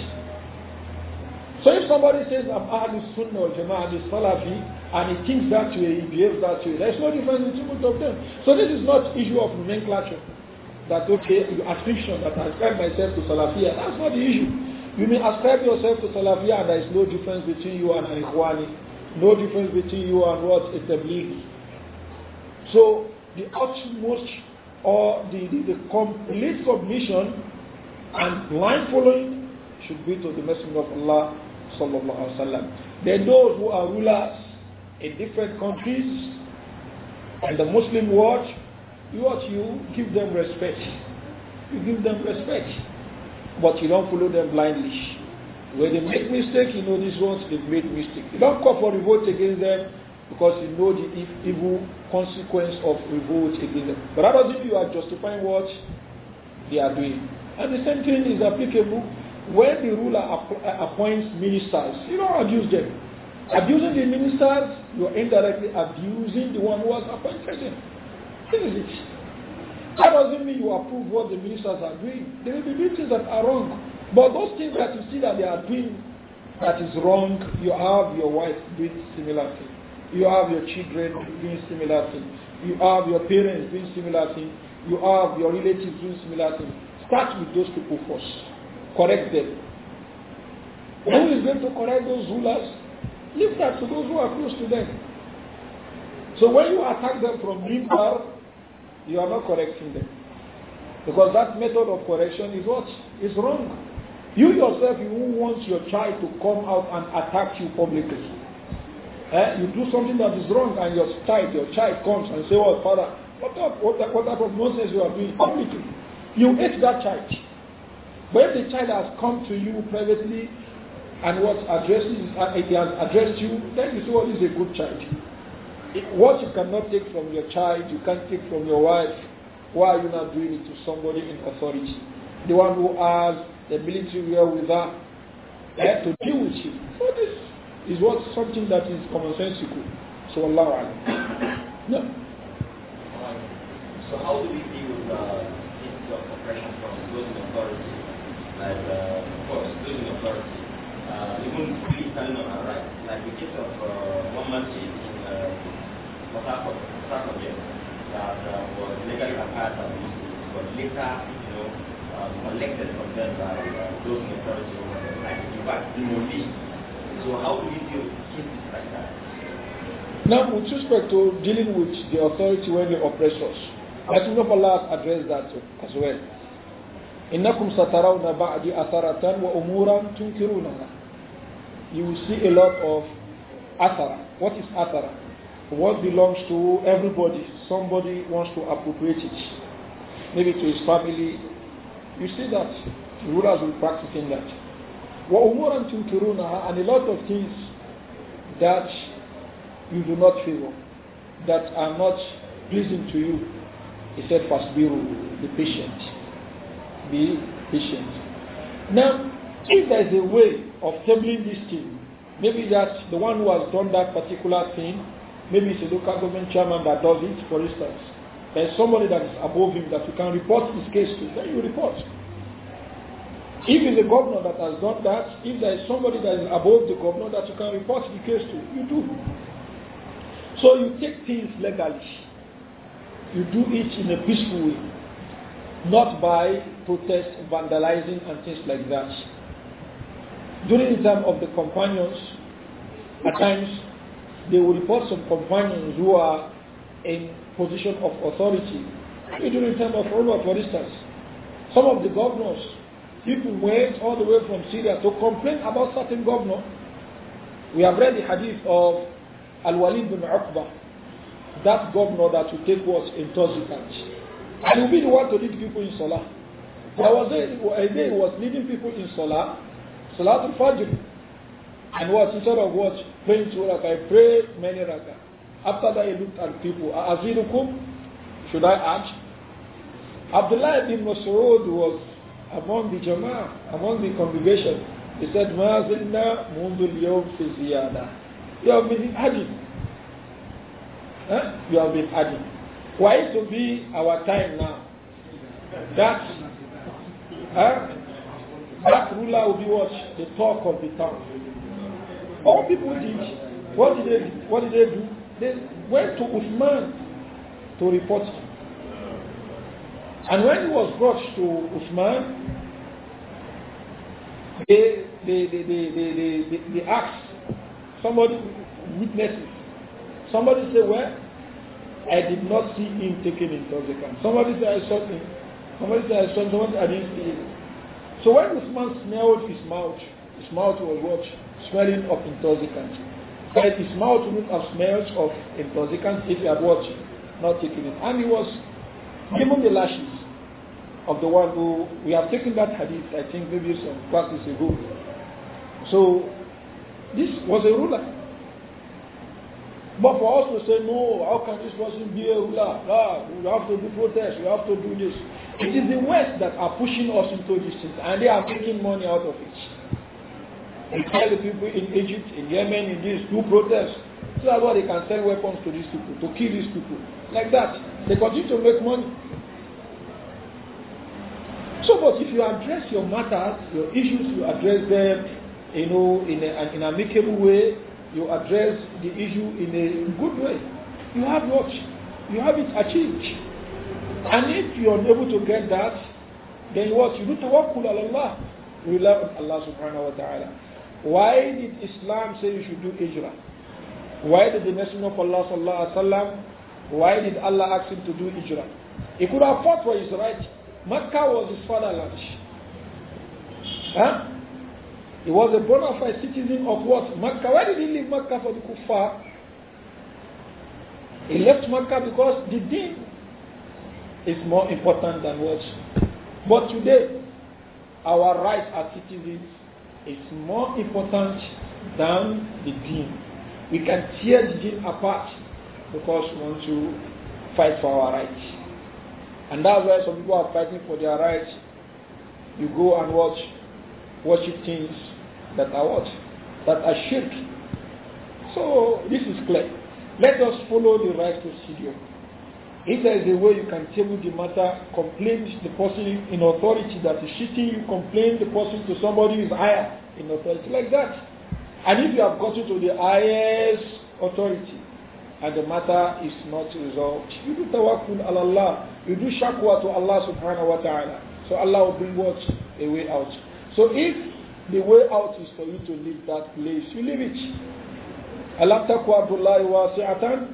So if somebody says, I'm Ahlul Sunnah or Jama'ah Salafi, and he thinks that way, he behaves that way, there's no difference between both of them. So this is not issue of nomenclature, that okay, you that I ascribe myself to Salafiyah. That's not the issue. You may ascribe yourself to Salafiyah and there is no difference between you and an Ikhwani, no difference between you and what? A Tablighi. So the utmost or the, the, the complete submission and blind following should be to the Messenger of Allah sallallahu alaihi wasallam. There are those who are rulers in different countries and the Muslim world. You Watch you give them respect. You give them respect, but you don't follow them blindly. When they make mistake, you know these ones they've made mistake. You don't call for revolt against them because you know the evil consequence of revolt against them. But that doesn't mean you are justifying what they are doing. And the same thing is applicable when the ruler uh, appoints ministers. You don't abuse them. Abusing the ministers, you are indirectly abusing the one who has appointed them. This is it. That doesn't mean you approve what the ministers are doing. There will be many things that are wrong. But those things that you see that they are doing that is wrong, you have your wife doing similar things. You have your children doing similar things. You have your parents doing similar things. You have your relatives doing similar things. Start with those people first. Correct them. Who is going to correct those rulers? Leave that to those who are close to them. So when you attack them from inside, you are not correcting them. Because that method of correction is what? Is wrong. You yourself, you want your child to come out and attack you publicly. Eh? You do something that is wrong and your child, your child comes and say, oh, father, what type, what, type, what type of nonsense you are doing publicly? You hate that child. But if the child has come to you privately and what addresses, uh, he has addressed you, then you say, well, oh, he's a good child. What you cannot take from your child, you can't take from your wife. Why are you not doing it to somebody in authority? The one who has the military wherewithal have to deal with you. So this is what something that is commonsensical. So Allah Alam. No. so how do we deal with uh, cases of oppression from those authority? Like, uh, of course, those authority, uh, even fully standing on our rights. Like the case of uh, one masjid in Port uh, Harcourt, that uh, was legally acquired by Muslims, but later, you know, uh, collected from them by those uh, in authority over there. Like, in fact, demolished. So how do you deal with cases like that? Now, with respect to dealing with the authority when they oppress us, I think of Allah address that as well. إنكم سترون بعد أثرة وأمورا تنكرونها. You will see a lot of أثرة. What is أثرة? what belongs to everybody, somebody wants to appropriate it, maybe to his family. You see that the rulers will practicing that. وَأُمُورًا تُنْكِرُونَهَا And a lot of things that you do not favor, that are not pleasing to you. He said, فَاسْبِرُوا Be patient. Be patient. Now, if there is a way of tabling this thing, maybe that the one who has done that particular thing, maybe it's a local government chairman that does it, for instance. There is somebody that is above him that you can report his case to. Then you report. If it's a governor that has done that, if there is somebody that is above the governor that you can report the case to, you do. So you take things legally. You do it in a peaceful way, not by protest, vandalizing, and things like that. During the time of the companions, at times they will report some companions who are in position of authority. During the time of Umar, for instance, some of the governors People went all the way from Syria to complain about certain governor. We have read the hadith of Al-Walid bin Uqba, that governor that will take was intoxicant. And he'll be the one to lead people in Salah. There was a, a day he was leading people in Salah, Salah to Fajr. And what, instead of what, praying to rakah, I prayed many raka. After that he looked at people, Azirukum, should I ask? Abdullah ibn Mas'ud was among the jama'ah, among the congregation. He said, مَا زِلْنَا مُنْذُ الْيَوْمِ فِي You have been adding. Huh? You have been adding. Why to be our time now? That, huh? that ruler will be what? The talk of the town. All people did. What did they, what did they do? They went to Uthman to report him. And when he was brought to Usman, they, they, they, they, they, they, they asked, somebody witnesses, somebody said, well, I did not see him taking intoxicant. Somebody said, I saw him. Somebody said, I saw him. Somebody, I didn't see him. So when Usman smelled his mouth, his mouth was what? Smelling of intoxicant. Said his mouth would have smelled of intoxicant if he had watched, Not taken it. And he was given the lashes of the one who we have taken that hadith, I think maybe some classes ago. So this was a ruler. But for us to say, no, how can this person be a ruler? Ah, we have to do protest, we have to do this. It is the West that are pushing us into this thing, and they are taking money out of it. They tell the people in Egypt, in Yemen, in this, do protest. So that they can sell weapons to these people, to kill these people. Like that. They continue to make money. So, but if you address your matters, your issues, you address them, you know, in, a, in an amicable way, you address the issue in a good way. You have what? You have it achieved. And if you are unable to get that, then what? You do tawakkul ala Allah. Rely love Allah subhanahu wa ta'ala. Why did Islam say you should do hijrah? Why did the Messenger of Allah sallallahu alaihi wasallam? Why did Allah ask him to do hijrah? He could have fought for his right. Mecca was his fatherland. Huh? He was a bona fide citizen of what? Mecca. Why did he leave Mecca for the Kufa? He left Mecca because the deen is more important than what. But today, our right as citizens is more important than the deen. We can tear the deen apart because we want to fight for our rights. And that's why some people are fighting for their rights. You go and watch, worship things that are what? That are shaped. So this is clear. Let us follow the right procedure. If there is a way you can table the matter, complain the person in authority that is shitting you, complain the person to somebody who is higher in authority, like that. And if you have gotten to the highest authority, and the matter is not resolved. You do tawakkul ala Allah, you do shakwa to Allah subhanahu wa ta'ala. So Allah will bring what? A way out. So if the way out is for you to leave that place, you leave it. أَلَمْ تَكْوَ عَبْدُ اللَّهِ وَاسِعَةً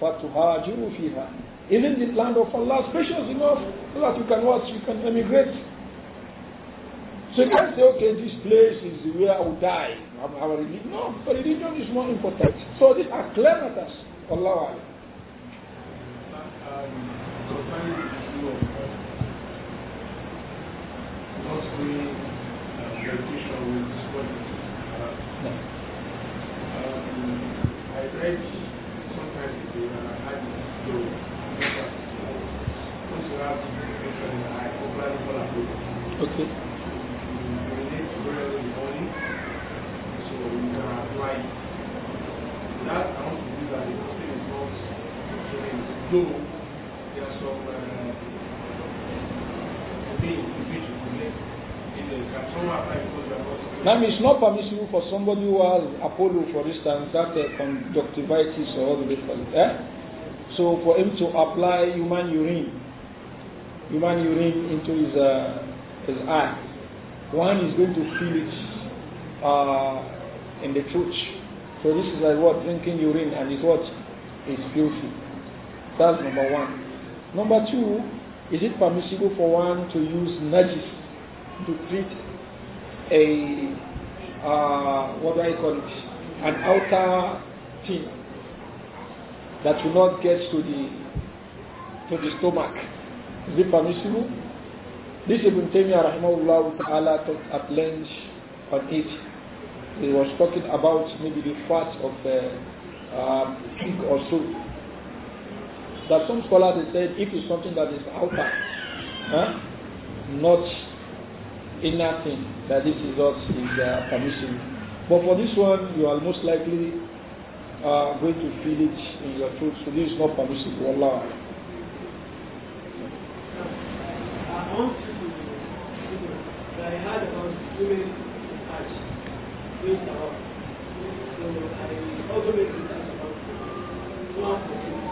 فَتُهَاجِرُوا فِيهَا Even the land of Allah is precious enough so that you can what? You can emigrate. So you can't say, okay, this place is where I will die. I'm, I'm a religion. No, religion is more important. So these are clear matters. Wallahu you Okay. Um, though now, it's not permissible for somebody who has Apollo, for instance, that uh, conjunctivitis or other do Eh? So, for him to apply human urine, human urine into his, uh, his eye, one is going to feel it uh, in the church. So, this is like what drinking urine and it's what? It's filthy. That's number one. Number two, is it permissible for one to use najis to treat a uh, what do I call it? An outer thing that will not get to the to the stomach. Is it permissible? This Ibn Taymiyyah rahimahullah ta'ala talked at length on it. He was talking about maybe the fat of the uh, uh, pig or so that some scholars have said if it's something that is outer, huh? not inner thing, that this is what is uh, permissible. But for this one, you are most likely uh, going to feel it in your throat, so this is not permissible. Allah. I want to, that I had about women in Hajj, so I also made the about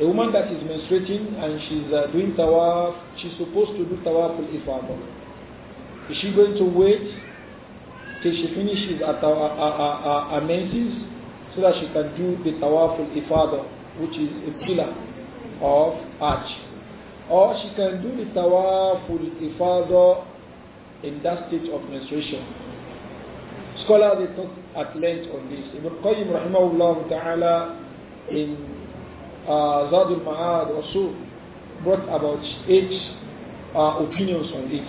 A woman that is menstruating and she's uh, doing tawaf, she's supposed to do tawaf al-ifadah. Is she going to wait till she finishes her menses so that she can do the tawaf al-ifadah, which is a pillar of arch? Or she can do the tawaf al-ifadah in that stage of menstruation. Scholars they talk at length on this. Ibn Qayyim rahimahullah ta'ala in Zadil uh, Zadul Ma'ad also brought about eight uh, opinions on it.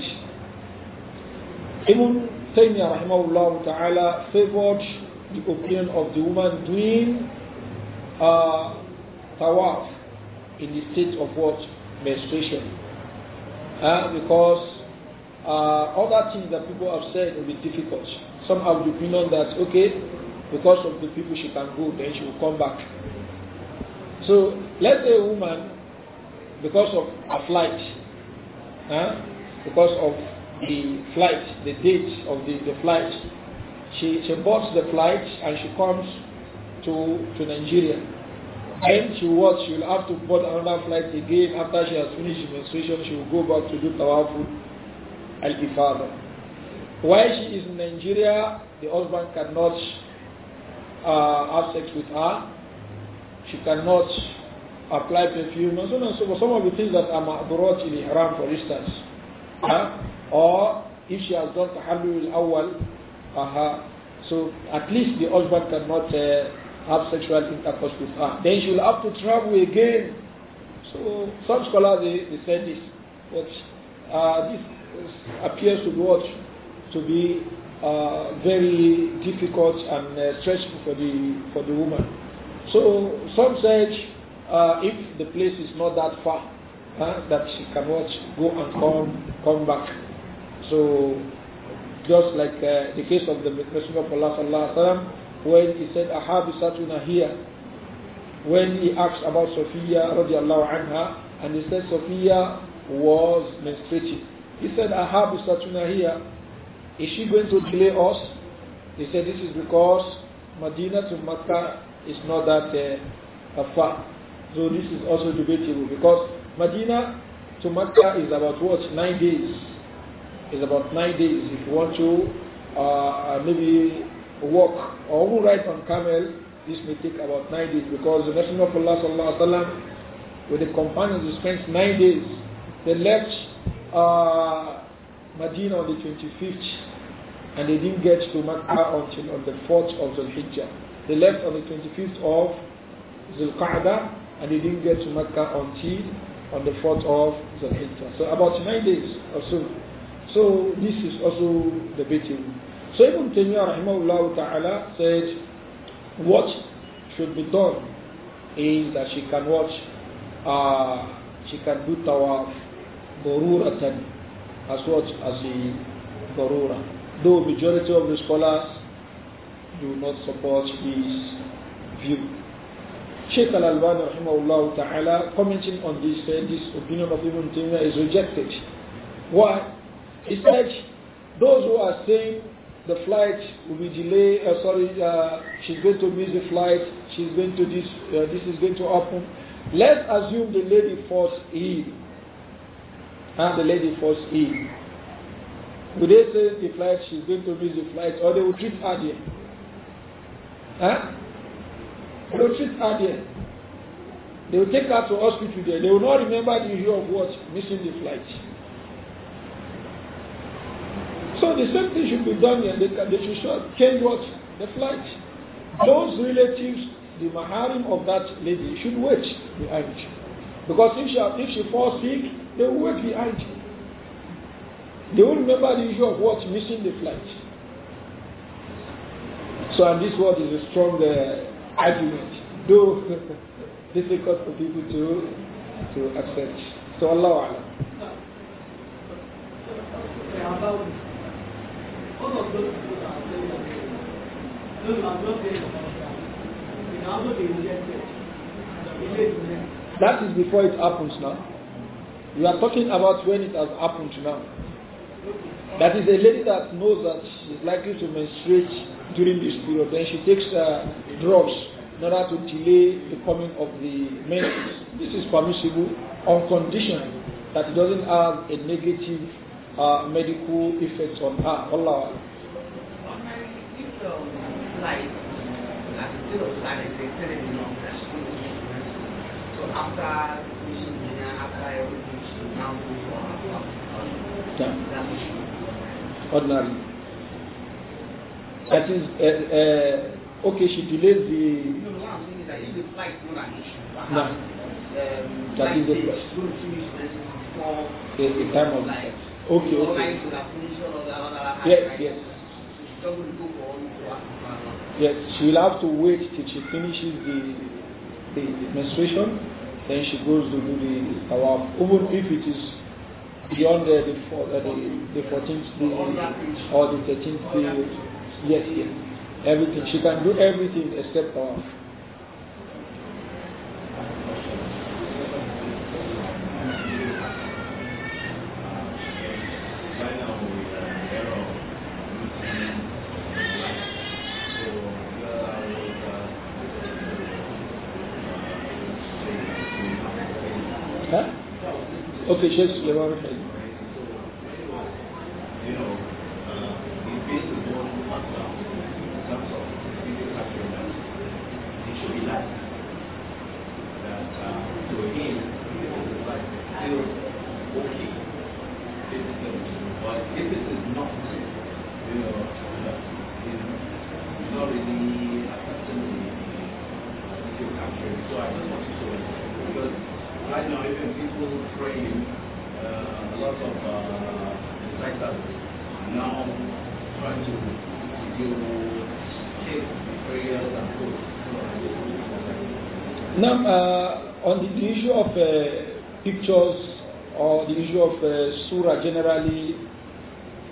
Ibn Taymiyyah rahimahullah ta'ala favored the opinion of the woman doing uh, tawaf in the state of what? Menstruation. Uh, because uh, other things that people have said will be difficult. Some have the opinion that, okay, because of the people she can go, then she will come back. So let's say a woman, because of a flight, huh? because of the flight, the date of the, the flight, she, she boards the flight and she comes to, to Nigeria. Then she what? She will have to board another flight again after she has finished menstruation. She will go back to do and be father. While she is in Nigeria, the husband cannot uh, have sex with her she cannot apply perfume, and so on and so forth. Some of the things that are ma'durat in Ihram, for instance. Huh? Or if she has done tahallul awal, uh uh-huh. so at least the husband cannot uh, have sexual intercourse with her. Then she will have to travel again. So some scholars they, they say this, but uh, this appears to be to be uh, very difficult and uh, stressful for the for the woman. So some said uh, if the place is not that far, uh, that she cannot go and come, come back. So just like uh, the case of the Messenger of Allah sallallahu alaihi wasallam, when he said Ahabisatuna here, when he asked about Sophia radiallahu anha, and he said Sophia was menstruating. He said Ahabisatuna here, is she going to delay us? He said this is because Medina to Makkah is not that uh, far. So this is also debatable because Medina to Mecca is about what? Nine days. It's about nine days. If you want to uh, uh maybe walk or who ride on camel, this may take about nine days because the Messenger of Allah sallallahu alaihi wasallam with the companions he spent nine days. They left uh, Medina on the 25th and they didn't get to Mecca until on the 4th of the Hijjah. They left on the 25th of Zulqa'dah and they didn't get to Mecca until on the 4th of Zulhijjah. So about nine days or so. So this is also debating. So Ibn Taymiyyah rahimahullah ta'ala said what should be done is that she can watch, uh, she can do tawaf as what as the barura. Though majority of the scholars do not support his view. Sheikh Al-Albani rahimahullah ta'ala commenting on this said uh, this opinion of Ibn Taymiyyah is rejected. Why? He said those who are saying the flight will be delayed, uh, sorry, uh, she's going to miss the flight, she's going to this, uh, this is going to happen. Let's assume the lady falls ill. And the lady falls ill. Would they say the flight, she's going to miss the flight, or they will treat her there? Huh? They will treat her there. They will take her to hospital there. They will not remember the issue of what? Missing the flight. So the same thing should be done here. They, they should change what? The flight. Those relatives, the maharim of that lady, should wait behind. Because if she, if she falls sick, they will wait behind. They will remember the issue of what? Missing the flight. So, and this word is a strong uh, argument, though difficult for people to to accept. So, Allah That is before it happens now. We are talking about when it has happened now. That is a lady that knows that she's likely to menstruate during this period. Then she takes uh, drugs in order to delay the coming of the menses. This is permissible on condition that it doesn't have a negative uh, medical effect on her. Allah. after Ordinary. That is, uh, uh, okay, she delays the. No, no, what I'm saying is that if the flight is not an issue, no. um, that is the flight. The time of flight. Okay, okay. Yes, yes. Yes, she will have to wait till she finishes the, the menstruation, then she goes to do the tawaf, even if it is beyond the, the, uh, the, the 14th day or the 13th day. Yes, yes. Everything. She can do everything except tawaf. Uh, officials never scriptures or the issue of uh, surah generally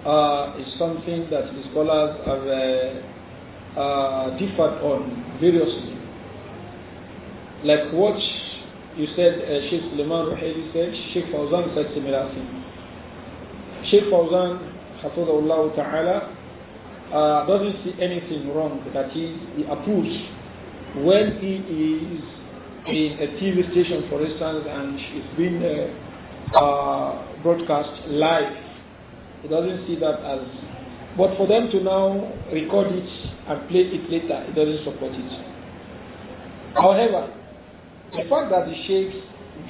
uh, is something that the scholars have uh, uh, differed on variously. Like what you said, uh, Sheikh Suleiman Ruhaili said, Sheikh Fawzan said similar thing. Sheikh Fawzan, Hafizahullah Ta'ala, uh, doesn't see anything wrong that he approves when he is in a TV station, for instance, and it's been uh, uh, broadcast live, he doesn't see that as. But for them to now record it and play it later, it doesn't support it. However, the fact that the Sheikh's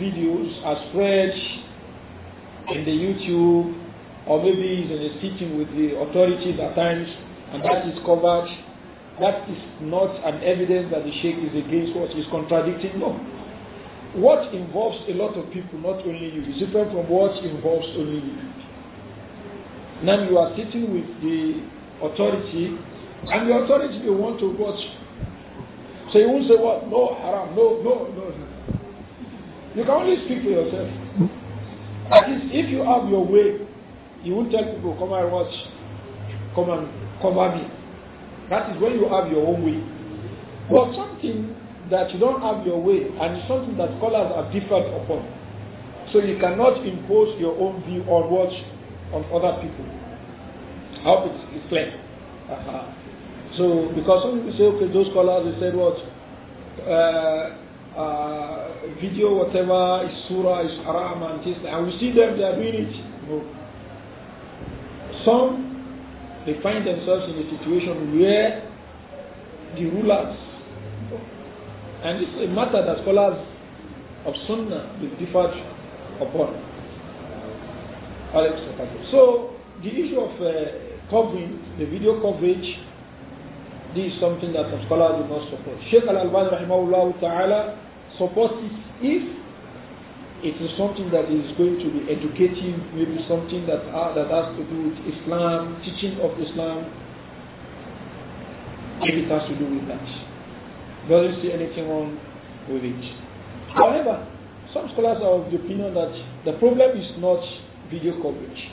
videos are spread in the YouTube or maybe he's in a sitting with the authorities at times and that is covered that is not an evidence that the sheikh is against what is contradicting. No. What involves a lot of people, not only you, is different from what involves only you. Now you are sitting with the authority, and the authority will want to watch. So you won't say what? No, haram, no, no, no, no. You can only speak for yourself. At least if you have your way, you won't tell people, come and watch, come and cover me. That is when you have your own way. But something that you don't have your way and something that scholars are different upon. So you cannot impose your own view or watch on other people. I hope it's, clear. Uh -huh. So because some people say, okay, those scholars they said what uh, uh, video whatever is surah is haram and this, and we see them they are doing it. No. Some they find themselves in a situation where the rulers, and this is a matter that scholars of Sunnah will differ upon. So, the issue of uh, covering, the video coverage, this is something that scholars do not support. Sheikh Al Albani, rahimahullah ta'ala, supports it if it is something that is going to be educative, maybe something that, uh, that has to do with Islam, teaching of Islam, if it has to do with that. Doesn't see anything wrong with it. However, some scholars are of the opinion that the problem is not video coverage.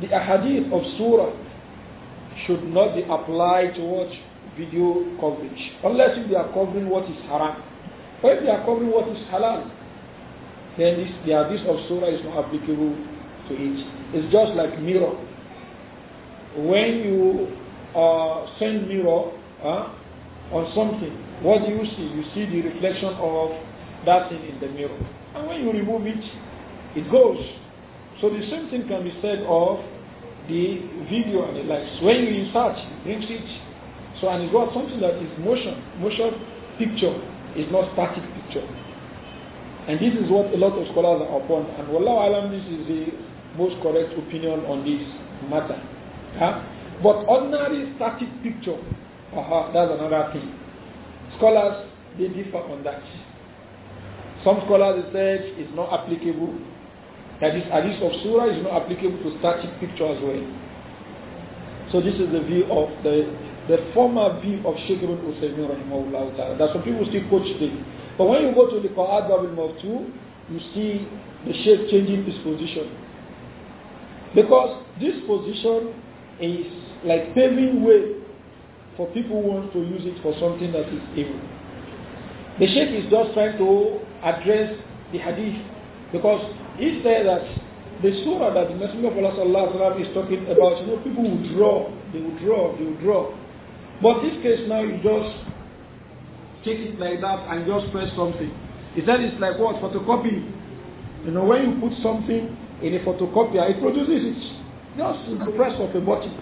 The ahadith of surah should not be applied towards video coverage, unless if they are covering what is haram. Or if they are covering what is halal, then this, the abyss of surah is not applicable to it. It's just like mirror. When you uh, send mirror uh, on something, what do you see? You see the reflection of that thing in the mirror. And when you remove it, it goes. So the same thing can be said of the video and the likes. When you insert, it brings it. So and it's got something that is motion. Motion picture is not static picture. And this is what a lot of scholars are upon. And Wallahu Alam, this is the most correct opinion on this matter. Huh? But ordinary static picture, uh-huh, that's another thing. Scholars, they differ on that. Some scholars say it's not applicable. That is, hadith of surah is not applicable to static picture as well. So this is the view of the the former view of Sheikh Ibn Uthaymeen rahimahullah ta'ala. That some people still quote today. But when you go to the Qa'ad Bab al you see the shape changing his position. Because this position is like paving way for people who want to use it for something that is evil. The Sheikh is just trying to address the hadith because he said that the surah that the Messenger of Allah is talking about, you know, people will draw, they will draw, they will draw. But this case now, you just take it like that and just press something. He said it's like what? Photocopy. You know, when you put something in a photocopier, it produces it. Just the press of a button.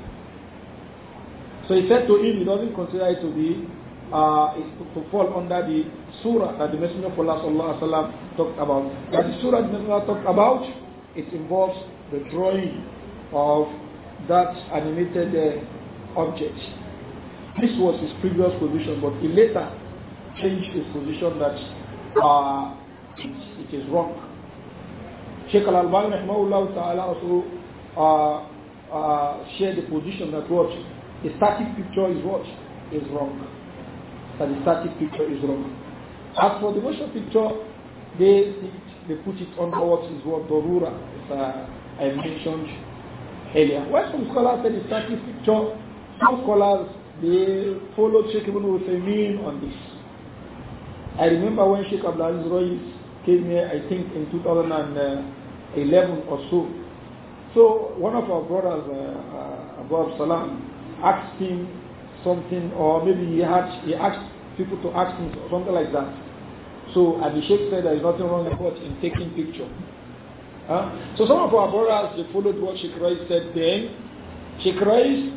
So he said to him, he doesn't consider it to be, uh, to, to, fall under the surah that the Messenger of Allah sallallahu sallam, talked about. That the surah the Messenger talked about, it involves the drawing of that animated uh, object. This was his previous position, but he later change his position that uh, it, it is wrong. Sheikh Al Albani ta'ala also uh, uh, shared the position that what the static picture is what is wrong. That the static picture is wrong. As for the motion picture, they they put it under what is what Dorura, as uh, I mentioned earlier. Why some scholars say the static picture, some scholars they follow Sheikh Ibn Uthaymeen on this. I remember when Sheikh Abdul Aziz Roy came here, I think in 2011 or so. So one of our brothers, uh, uh Abu asked him something, or maybe he, had, he asked people to ask him something like that. So, and Sheikh said there is nothing wrong about in taking picture. Huh? So some of our brothers they followed what Sheikh Rais said then. Sheikh Rais,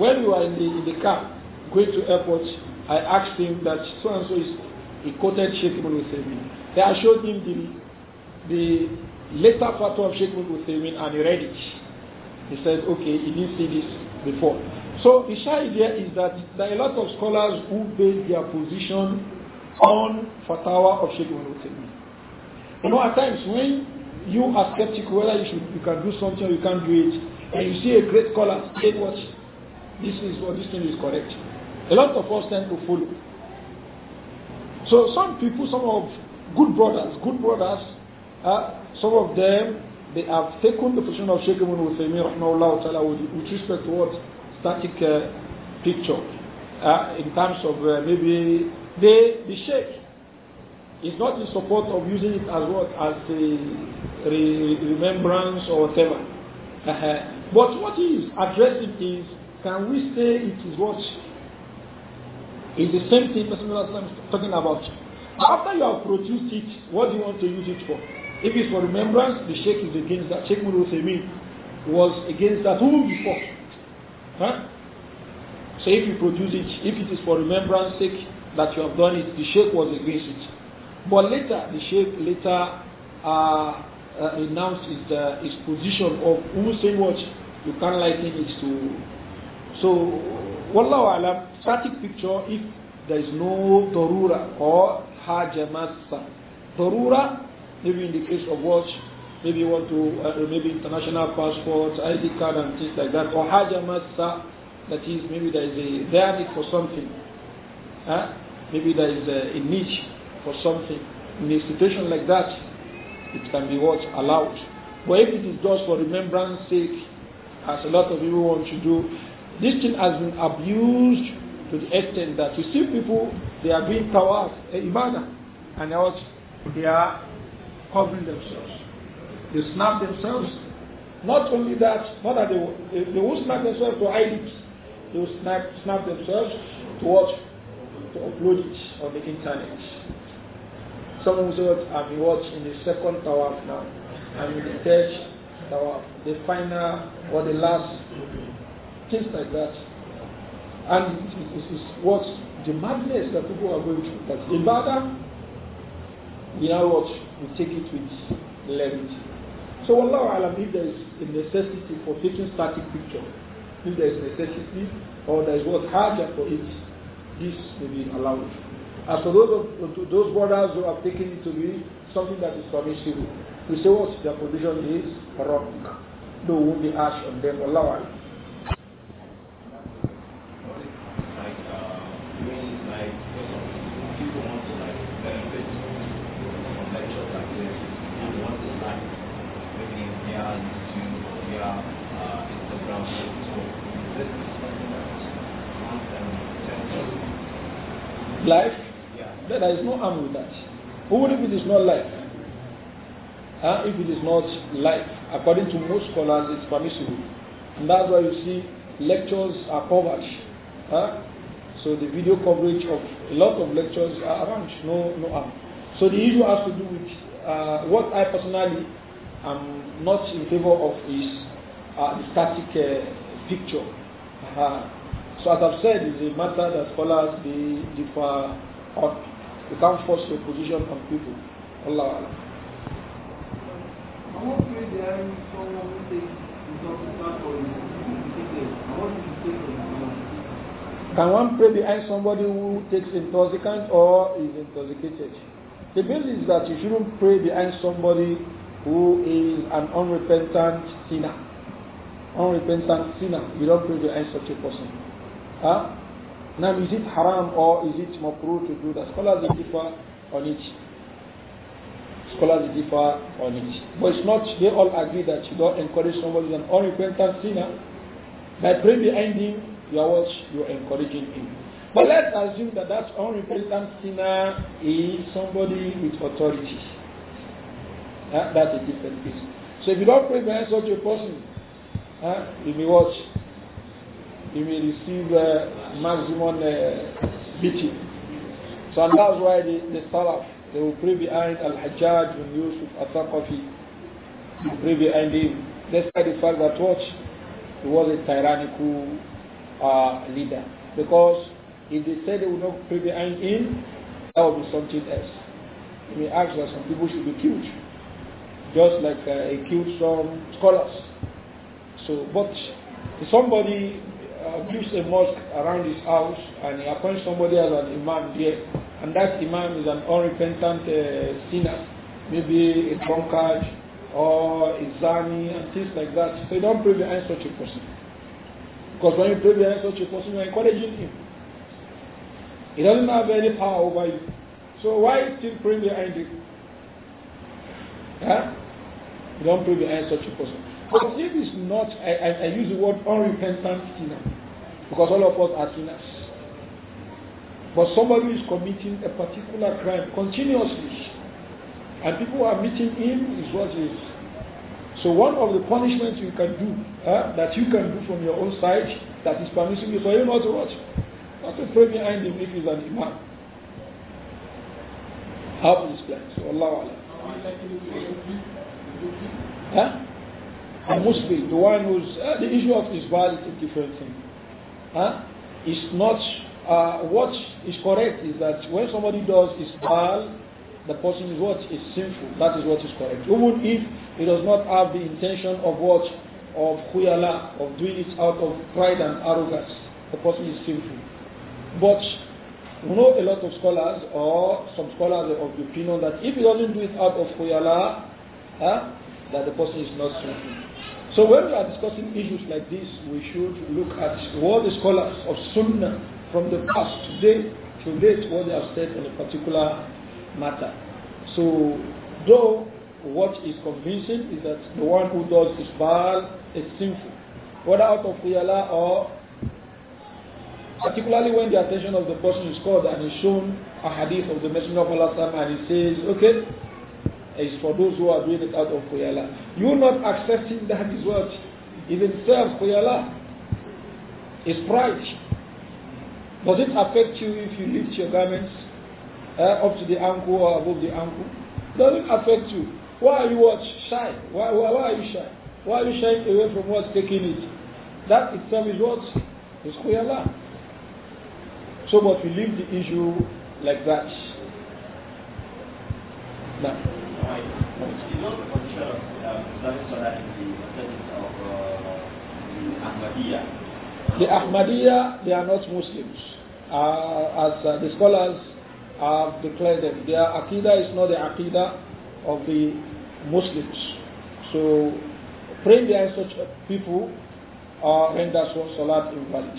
when we were in the, in the car going to airport, I asked him that so and so is he quoted Sheikh Ibn Uthaymeen. Then I showed him the, the later fatwa of Sheikh Ibn Uthaymeen and he read it. He said, okay, he didn't see this before. So the shy idea is that there are a lot of scholars who base their position on fatwa of Sheikh Ibn Uthaymeen. You know, at times when you are skeptical whether you, should, you can do something or you can't do it, and you see a great scholar say what this is what this thing is correct. A lot of us tend to follow. So some people, some of good brothers, good brothers, uh, some of them, they have taken the position of Sheikh Ibn Uthaymeen rahmahullah ta'ala with, with respect to what static uh, picture uh, in terms of uh, maybe they, the Sheikh is not in support of using it as what as a re remembrance or whatever. Uh-huh. but what he is addressing is, can we say it is what it's the same thing Messenger is talking about. After you have produced it, what do you want to use it for? If it's for remembrance, the Sheikh is against that. Sheikh Mulu was against that Who before. Huh? So if you produce it, if it is for remembrance sake that you have done it, the Sheikh was against it. But later, the Sheikh later uh, uh, renounced his, uh, his position of who saying what you can't like it to. So Wallahu alam, static picture, if there is no darura or hajamasa. Darura, maybe in the case of watch, maybe you want to, uh, maybe international passport, ID card and things like that, or hajamasa, that is, maybe there is a there for something. Huh? Maybe there is a, a for something. In a situation like that, it can be what allowed. But if it is just for remembrance sake, as a lot of people want to do, this thing has been abused to the extent that you see people, they are doing tawaf, eh, ibadah, and else they are covering themselves. They snap themselves. Not only that, not that they will, they, they will snap themselves to eyelids, they will snap, snap themselves to watch, To upload it on the internet. Someone of those have been watched in the second tower now, I'm in the third tower, the final or the last Things like that. And it is what the madness that people are going through. But in Ibadah, we now what we take it with levity. So Allah Alam, if there is a necessity for taking static picture, if there is necessity or there is what hajj for it, this may be allowed. As for those, of, those brothers who have taken it to be something that is permissible, we say what their position is wrong. No, won't be harsh on them. Allah Alam. life? there is no harm with that. Even if it is not life, uh, if it is not life, according to most scholars, it's permissible. And that's why you see lectures are covered. Huh? So the video coverage of a lot of lectures are around, no, no harm. So the issue has to do with uh, what I personally am not in favor of is uh, the static uh, picture. Uh-huh. So as I've said, it's a matter that scholars they differ on. You can't force your position on people. Allah Allah. Can one pray behind somebody who takes intoxicant or is intoxicated? The basis is that you shouldn't pray behind somebody who is an unrepentant sinner. Unrepentant sinner. You don't pray behind such a person. Huh? Now, is it haram or is it makruh to do that? Scholars differ on it. Scholars differ on it. But it's not, they all agree that you don't encourage somebody who's an unrepentant sinner. By praying behind him, you are what? You are encouraging him. But let's assume that that unrepentant sinner is somebody with authority. that's a different case. So if you don't pray behind such a person, huh? you may watch he will receive uh, maximum uh, beating. So and that's why the, the Salaf, they will pray behind Al-Hajjaj bin Yusuf al will pray behind him. Despite the fact that watch, He was a tyrannical uh, leader. Because if they said they would not pray behind him, that would be something else. We ask that some people should be killed. Just like uh, he killed some scholars. So, but somebody builds uh, a mosque around his house and he appoints somebody as an imam there, and that imam is an unrepentant uh, sinner, maybe a drunkard or a zani and things like that. So you don't pray behind such a person. Because when you pray behind such a person, you're encouraging him. He doesn't have any power over you. So why still pray behind him? Huh? You don't pray behind such a person. But if it's not, I, I, I use the word unrepentant sinner, because all of us are sinners. But somebody is committing a particular crime continuously, and people are meeting him is what is. So one of the punishments you can do, uh, that you can do from your own side, that is permissible for you not to watch, not to pray behind him if he's an imam. How is this place. Allah Allah. Huh? a Muslim, the one who's uh, the issue of this valid is different thing. Huh? It's not uh, what is correct is that when somebody does is bad, the person is what is sinful. That is what is correct. Even if he does not have the intention of what of khuyala, of doing it out of pride and arrogance, the person is sinful. But we know a lot of scholars or some scholars of the opinion that if he doesn't do it out of khuyala, huh, that the person is not sinful. So when we are discussing issues like this, we should look at what the scholars of Sunnah from the past today to date what they have said on a particular matter. So though what is convincing is that the one who does this isbal is sinful, whether out of riyala or particularly when the attention of the person is called and is shown a hadith of the Messenger of Allah and he says, okay, is for those who are doing it out of khuyala. You not accepting that is what is itself khuyala. It's pride. Does it affect you if you lift your garments uh, up to the ankle or above the ankle? Does it affect you? Why are you what? Shy. Why, why, why are you shy? Why are you shy away from what's taking it? That itself is what? It's khuyala. So, but we leave the issue like that. Now. The Ahmadiyya, they are not Muslims. Uh, as uh, the scholars have declared them, their Aqidah is not the Aqidah of the Muslims. So praying behind such people uh, renders one salat invalid.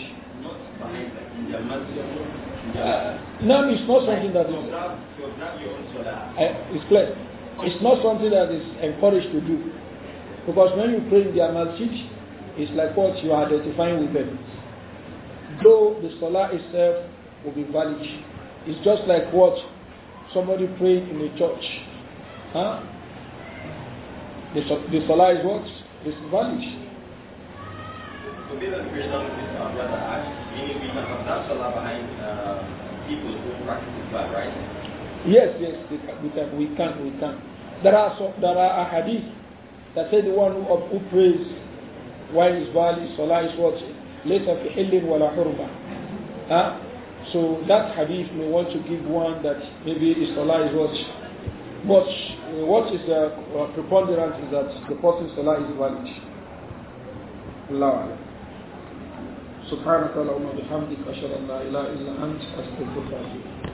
Uh, not something that is. Uh, it's clear. It's not something that is encouraged to do. Because when you pray in their masjid, it's like what you are identifying with them. Though the salah itself will be valid. It's just like what somebody praying in a church. Huh? The, the salah is what? It's valid. So these are the questions uh, meaning we can have that salah behind uh, people who practice Islam, right? Yes, yes, we can, we can, we can. There are, so, there are a hadith that say the one who, who prays while his body salah is what? Later fi hillin wala hurma. Huh? So that hadith may want to give one that maybe his salah is what? Much. Uh, what is the uh, uh, preponderance is that the person's salah is valid. Allah. سبحانك اللهم وبحمدك أشهد أن لا إله إلا أنت أستغفرك